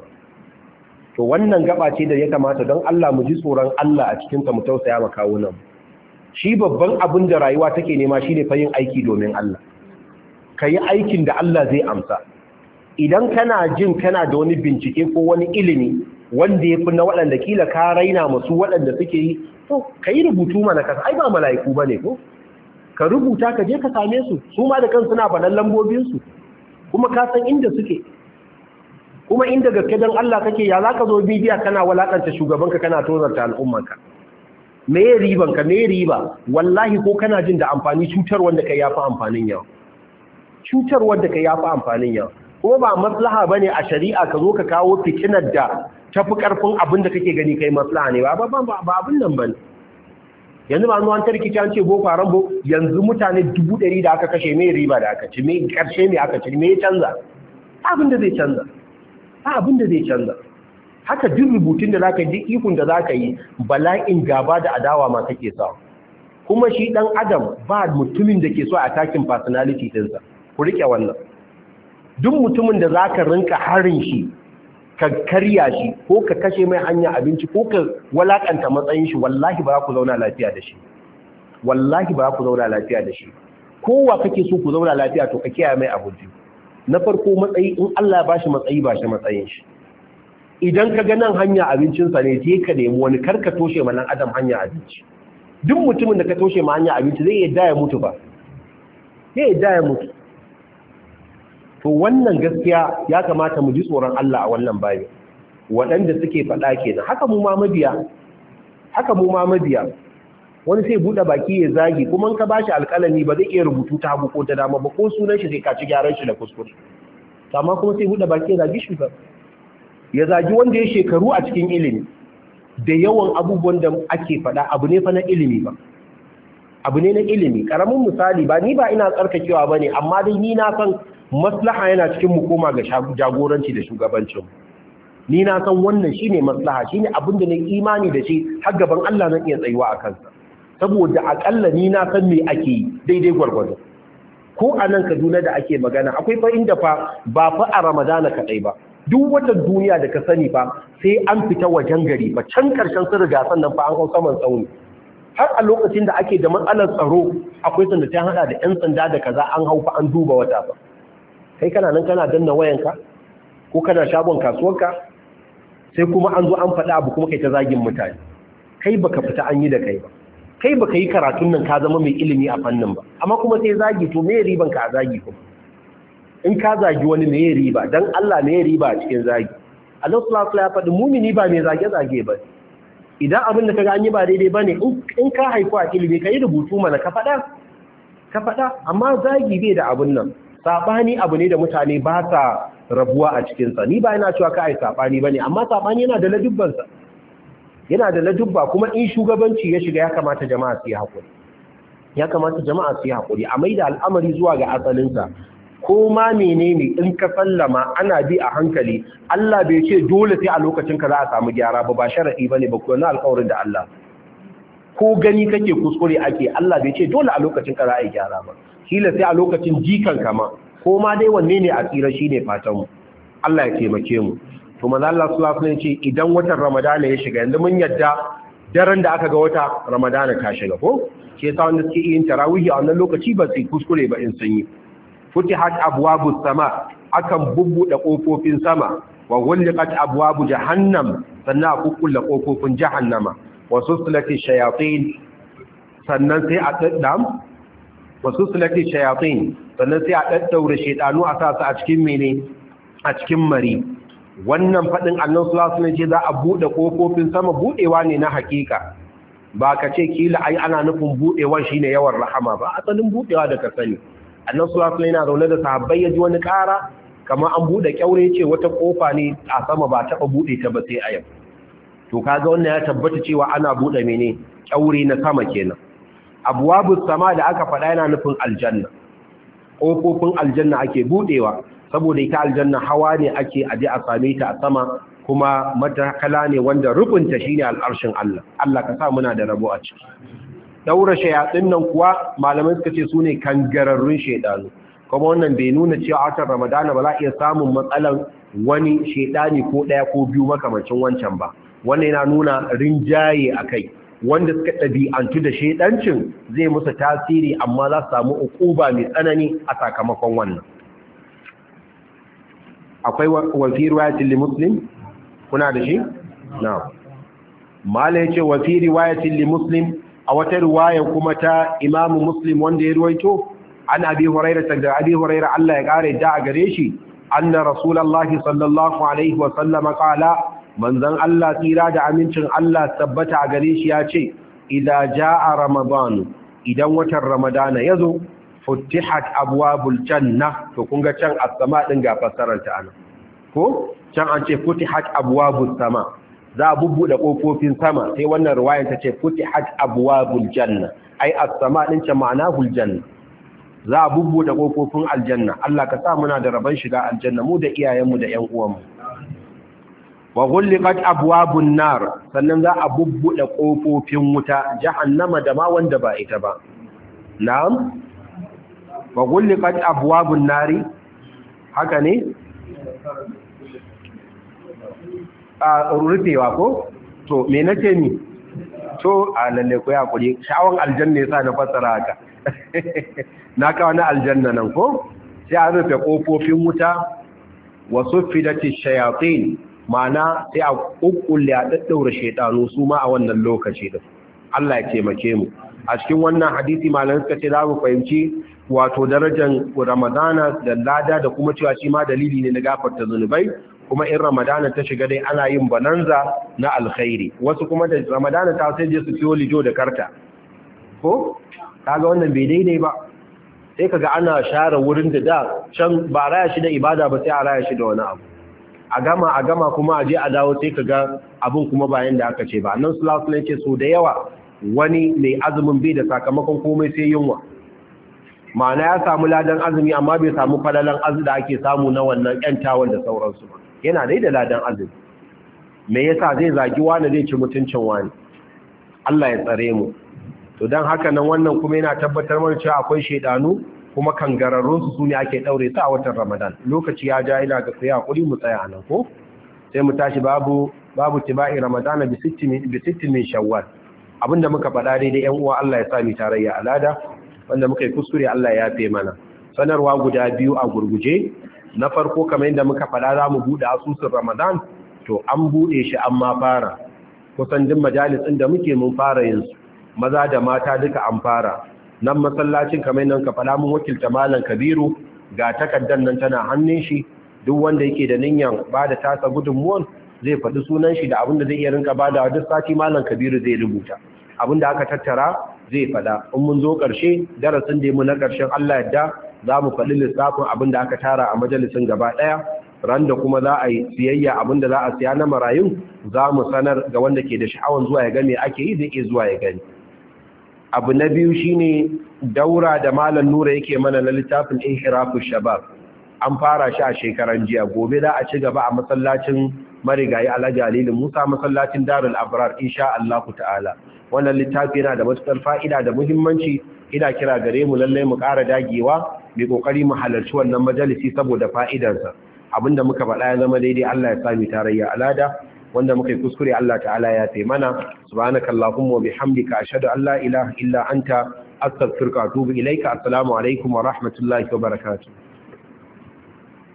to wannan gaba ce da ya kamata don Allah mu ji tsoron Allah a cikin ta mu tausaya ma kawunan shi babban abin da rayuwa take nema shine fa yin aiki domin Allah ka yi aikin da Allah zai amsa idan kana jin kana da wani bincike ko wani ilimi wanda ya fi na waɗanda kila ka raina masu waɗanda suke yi to ka yi rubutu mana kasa ai ba mala'iku ba ne ko ka rubuta ka je ka same su su ma da kansu na faɗan lambobinsu kuma ka san inda suke kuma inda gaske don Allah kake ya za ka zo bidiya kana walakanta shugabanka kana tozarta al'ummanka me ya riban ka me riba wallahi ko kana jin da amfani cutar wanda ka yafi amfanin yawa cutar wanda ka yafi amfanin yawa ko ba maslaha bane a shari'a ka zo ka kawo fitinar da tafi karfin abin da kake gani kai maslaha ne ba ba ba abin nan bane yanzu ba an tarkice an ce boko haram bo yanzu mutane dubu ɗari da aka kashe mai riba da aka ci mai ƙarshe mai aka ci mai canza abin da zai canza abin da zai canza haka duk rubutun da zaka yi ikon da zaka yi bala'in gaba da adawa ma kake sa kuma shi dan adam ba mutumin da ke so a takin personality dinsa ku rike wannan duk mutumin da za ka rinka harin shi ka karya shi ko ka kashe mai hanya abinci ko ka walakanta matsayin shi wallahi ba ku zauna lafiya da shi wallahi ba ku zauna lafiya da shi kowa kake so ku zauna lafiya to ka kiyaye mai abinci, na farko matsayi in Allah ba shi matsayi ba shi matsayin shi idan ka ga nan hanya abincinsa ne je ka nemi wani kar ka toshe ma nan adam hanya abinci duk mutumin da ka toshe ma hanya abinci zai yadda ya mutu ba zai yadda ya mutu to wannan gaskiya ya kamata mu ji tsoron Allah a wannan bayi waɗanda suke faɗa kenan haka mu ma mabiya haka mu ma mabiya wani sai buɗe baki ya zagi kuma ka bashi alƙalami ba zai iya rubutu ta hagu ko ta dama ba ko sunan shi sai ka gyaran shi da kuskure amma kuma sai buɗe baki ya zagi shi ba ya zagi wanda ya shekaru a cikin ilimi da yawan abubuwan da ake faɗa abu ne fa na ilimi ba abu ne na ilimi karamin misali ba ni ba ina tsarkakewa ba ne amma dai ni na san maslaha yana cikin mu koma ga jagoranci da shugabancin ni na san wannan shine maslaha shine abin da na imani da shi har gaban Allah na iya tsayuwa a kansa saboda akalla ni na san me ake yi daidai gwargwado ko a nan Kaduna da ake magana akwai fa inda fa ba fa a Ramadana kaɗai ba duk wata duniya da ka sani fa sai an fita wajen gari ba can karshen su riga sannan fa an hau saman tsauni har a lokacin da ake da matsalar tsaro akwai sanda ta hada da 'yan sanda da kaza an hau fa an duba wata ba kai kana nan kana danna wayanka ko kana shagon kasuwanka sai kuma an zo an faɗa abu kuma kai ta zagin mutane kai baka fita an yi da kai ba kai baka yi karatun nan ka zama mai ilimi a fannin ba amma kuma sai zagi to me riban ka zagi kuma in ka zagi wani me riba dan Allah me riba a cikin zagi Allah sallallahu ya faɗi mumini ba mai zage zage ba idan abin da kaga an yi ba daidai bane in ka haifu a ilimi ka yi rubutu mana ka faɗa ka faɗa amma zagi bai da abin nan saɓani abu ne da mutane ba sa rabuwa a cikinsa ni ba yana cewa ka'ai saɓani ba ne amma saɓani yana da ladubbansa yana da ladubba kuma in shugabanci ya shiga ya kamata jama'a su yi haƙuri ya kamata jama'a su yi haƙuri a da al'amari zuwa ga asalinsa ko ma menene in ka sallama ana bi a hankali Allah bai ce dole sai a lokacin ka za a samu gyara ba ba ba ne ba Kuwa na alƙawarin da Allah ko gani kake kuskure ake Allah bai ce dole a lokacin ka za gyara ba kila sai a lokacin jikan kama ko ma dai wanne ne a tsira shine fatan mu Allah ya taimake mu to manzo Allah sallallahu alaihi wasallam ce idan watan Ramadana ya shiga yanzu mun yadda daren da aka ga wata Ramadana ta shiga ko ke sa wanda suke yin tarawihi a wannan lokaci ba su kuskure ba in sun yi futihat abwabus sama akan bubbuɗe kofofin sama wa ghulqat abwabu jahannam sannan a kukkulle kofofin jahannama wasu sulati shayatin sannan sai a daddam wasu shayatin sannan sai a daddaure shedanu a a cikin mene a cikin mari wannan fadin Allah sallallahu alaihi wasallam za a bude kofofin sama budewa ne na hakika ba ka ce kila ai ana nufin budewa shine yawan rahama ba asalin budewa da ka sani Allah sallallahu alaihi wasallam yana zaune da sahabbai ya ji wani kara kamar an bude kyaure ce wata kofa ne a sama ba taɓa bude ta ba sai a yau to kaga wannan ya tabbata cewa ana bude mene kyaure na sama kenan abwabus sama da aka faɗa yana nufin aljanna kofofin aljanna ake budewa saboda ita aljanna hawa ne ake aje a same ta a sama kuma matakala ne wanda rukunta shine al'arshin Allah Allah ka sa muna da rabo a ciki daura shayatin nan kuwa malamai suka ce sune kangararrun shedanu kuma wannan bai nuna cewa a Ramadana ba za a iya samun matsalan wani shedani ko daya ko biyu makamancin wancan ba wannan yana nuna rinjaye a kai wanda suka ɗabi'antu da shaidancin zai musu tasiri amma za su samu ukuba mai tsanani a sakamakon wannan akwai wafi riwayatin Muslim? kuna da shi? na mala ya ce wafi riwayatin Muslim a wata riwaya kuma ta imamu muslim wanda ya ruwaito an abi huraira daga abi huraira Allah ya kare da a gare shi anna rasulullahi sallallahu alaihi wa sallama qala manzon Allah tsira da amincin Allah tabbata a gare shi ya ce ja a ramadan idan watan ramadana ya zo, yazo futtihat abwabul janna to kun ga can a sama ɗin ga fasarar ta ana ko can an ce abuwa bul sama za a da ƙofofin sama sai wannan riwayar ta ce abuwa abwabul na, ai a sama ɗin can ma'ana hul na. za a da ƙofofin aljanna Allah ka sa muna da rabon shiga aljanna mu da iyayenmu da yan uwanmu wa ghulqat abwabun nar sannan za a bubbuda kofofin wuta jahannama da ma wanda ba ita ba na'am wa ghulqat abwabun nari haka ne a rufewa ko to me nake ni to a lalle ko ya kuri sha'awan aljanna yasa na fassara haka na ka wani aljanna nan ko sai a rufe kofofin wuta wa suffidatish shayatin ma'ana sai a kukkulle a daddaura shedanu su ma a wannan lokaci Allah ya taimake mu a cikin wannan hadisi malan suka ce za mu fahimci wato darajar Ramadana da lada da kuma cewa shi ma dalili ne na gafarta zunubai kuma in Ramadana ta shiga dai ana yin bananza na alkhairi wasu kuma da Ramadana ta sai je su ciyo lijo da karta ko kaga wannan bai daidai ba sai kaga ana share wurin da da can ba raya shi da ibada ba sai a raya shi da wani abu a gama a gama kuma a je a dawo sai ka ga abin kuma ba yanda aka ce ba nan sallallahu alaihi ce so da yawa wani mai azumin bai da sakamakon komai sai yunwa ma'ana ya samu ladan azumi amma bai samu falalan azumi da ake samu na wannan yantawan da sauransu ba yana dai da ladan azumi me yasa zai zagi wani zai ci mutuncin wani Allah ya tsare mu to don haka nan wannan kuma yana tabbatar mana cewa akwai shaidanu? kuma kangararrun su ne ake daure su a watan Ramadan lokaci ya ja ila ga tsaya hakuri mu tsaya nan ko sai mu tashi babu babu tibai Ramadan bi sittin bi sittin min Shawwal abinda muka faɗa daidai ƴan uwa Allah ya sa mu tarayya alada wanda muka yi kuskure Allah ya yafe mana sanarwa guda biyu a gurguje na farko kamar yadda muka faɗa za mu buɗe asusun Ramadan to an buɗe shi amma fara kusan duk majalisin da muke mun fara yin maza da mata duka an fara nan masallacin kamar nan ka faɗa mun wakilta malam kabiru ga takaddan nan tana hannun shi duk wanda yake da niyyar ba da tasa gudunmuwan zai faɗi sunan shi da abin da zai iya rinka bada duk sati malam kabiru zai rubuta abin da aka tattara zai faɗa in mun zo ƙarshe darasin da mu na ƙarshen Allah yadda za mu faɗi lissafin abin da aka tara a majalisin gaba ɗaya ran da kuma za a yi siyayya abin da za a siya na marayun za mu sanar ga wanda ke da sha'awan zuwa ya ga ake yi zai iya zuwa ya gani abu na biyu shine daura da malam nura yake mana na littafin inhirafu shabab an fara shi a shekaran jiya gobe za a ci gaba a masallacin marigayi alhaji musa masallacin darul abrar sha Allah ta'ala wannan littafi yana da matukar fa'ida da muhimmanci ina kira gare mu lallai mu ƙara dagewa mai kokari mu halarci wannan majalisi saboda fa'idarsa da muka faɗa ya zama daidai Allah ya sami tarayya alada wanda muka yi kuskure Allah ta'ala ya fi mana subhanaka allahumma wa bihamdika ashhadu an la ilaha illa anta astaghfiruka wa atubu ilaika assalamu alaikum wa rahmatullahi wa barakatuh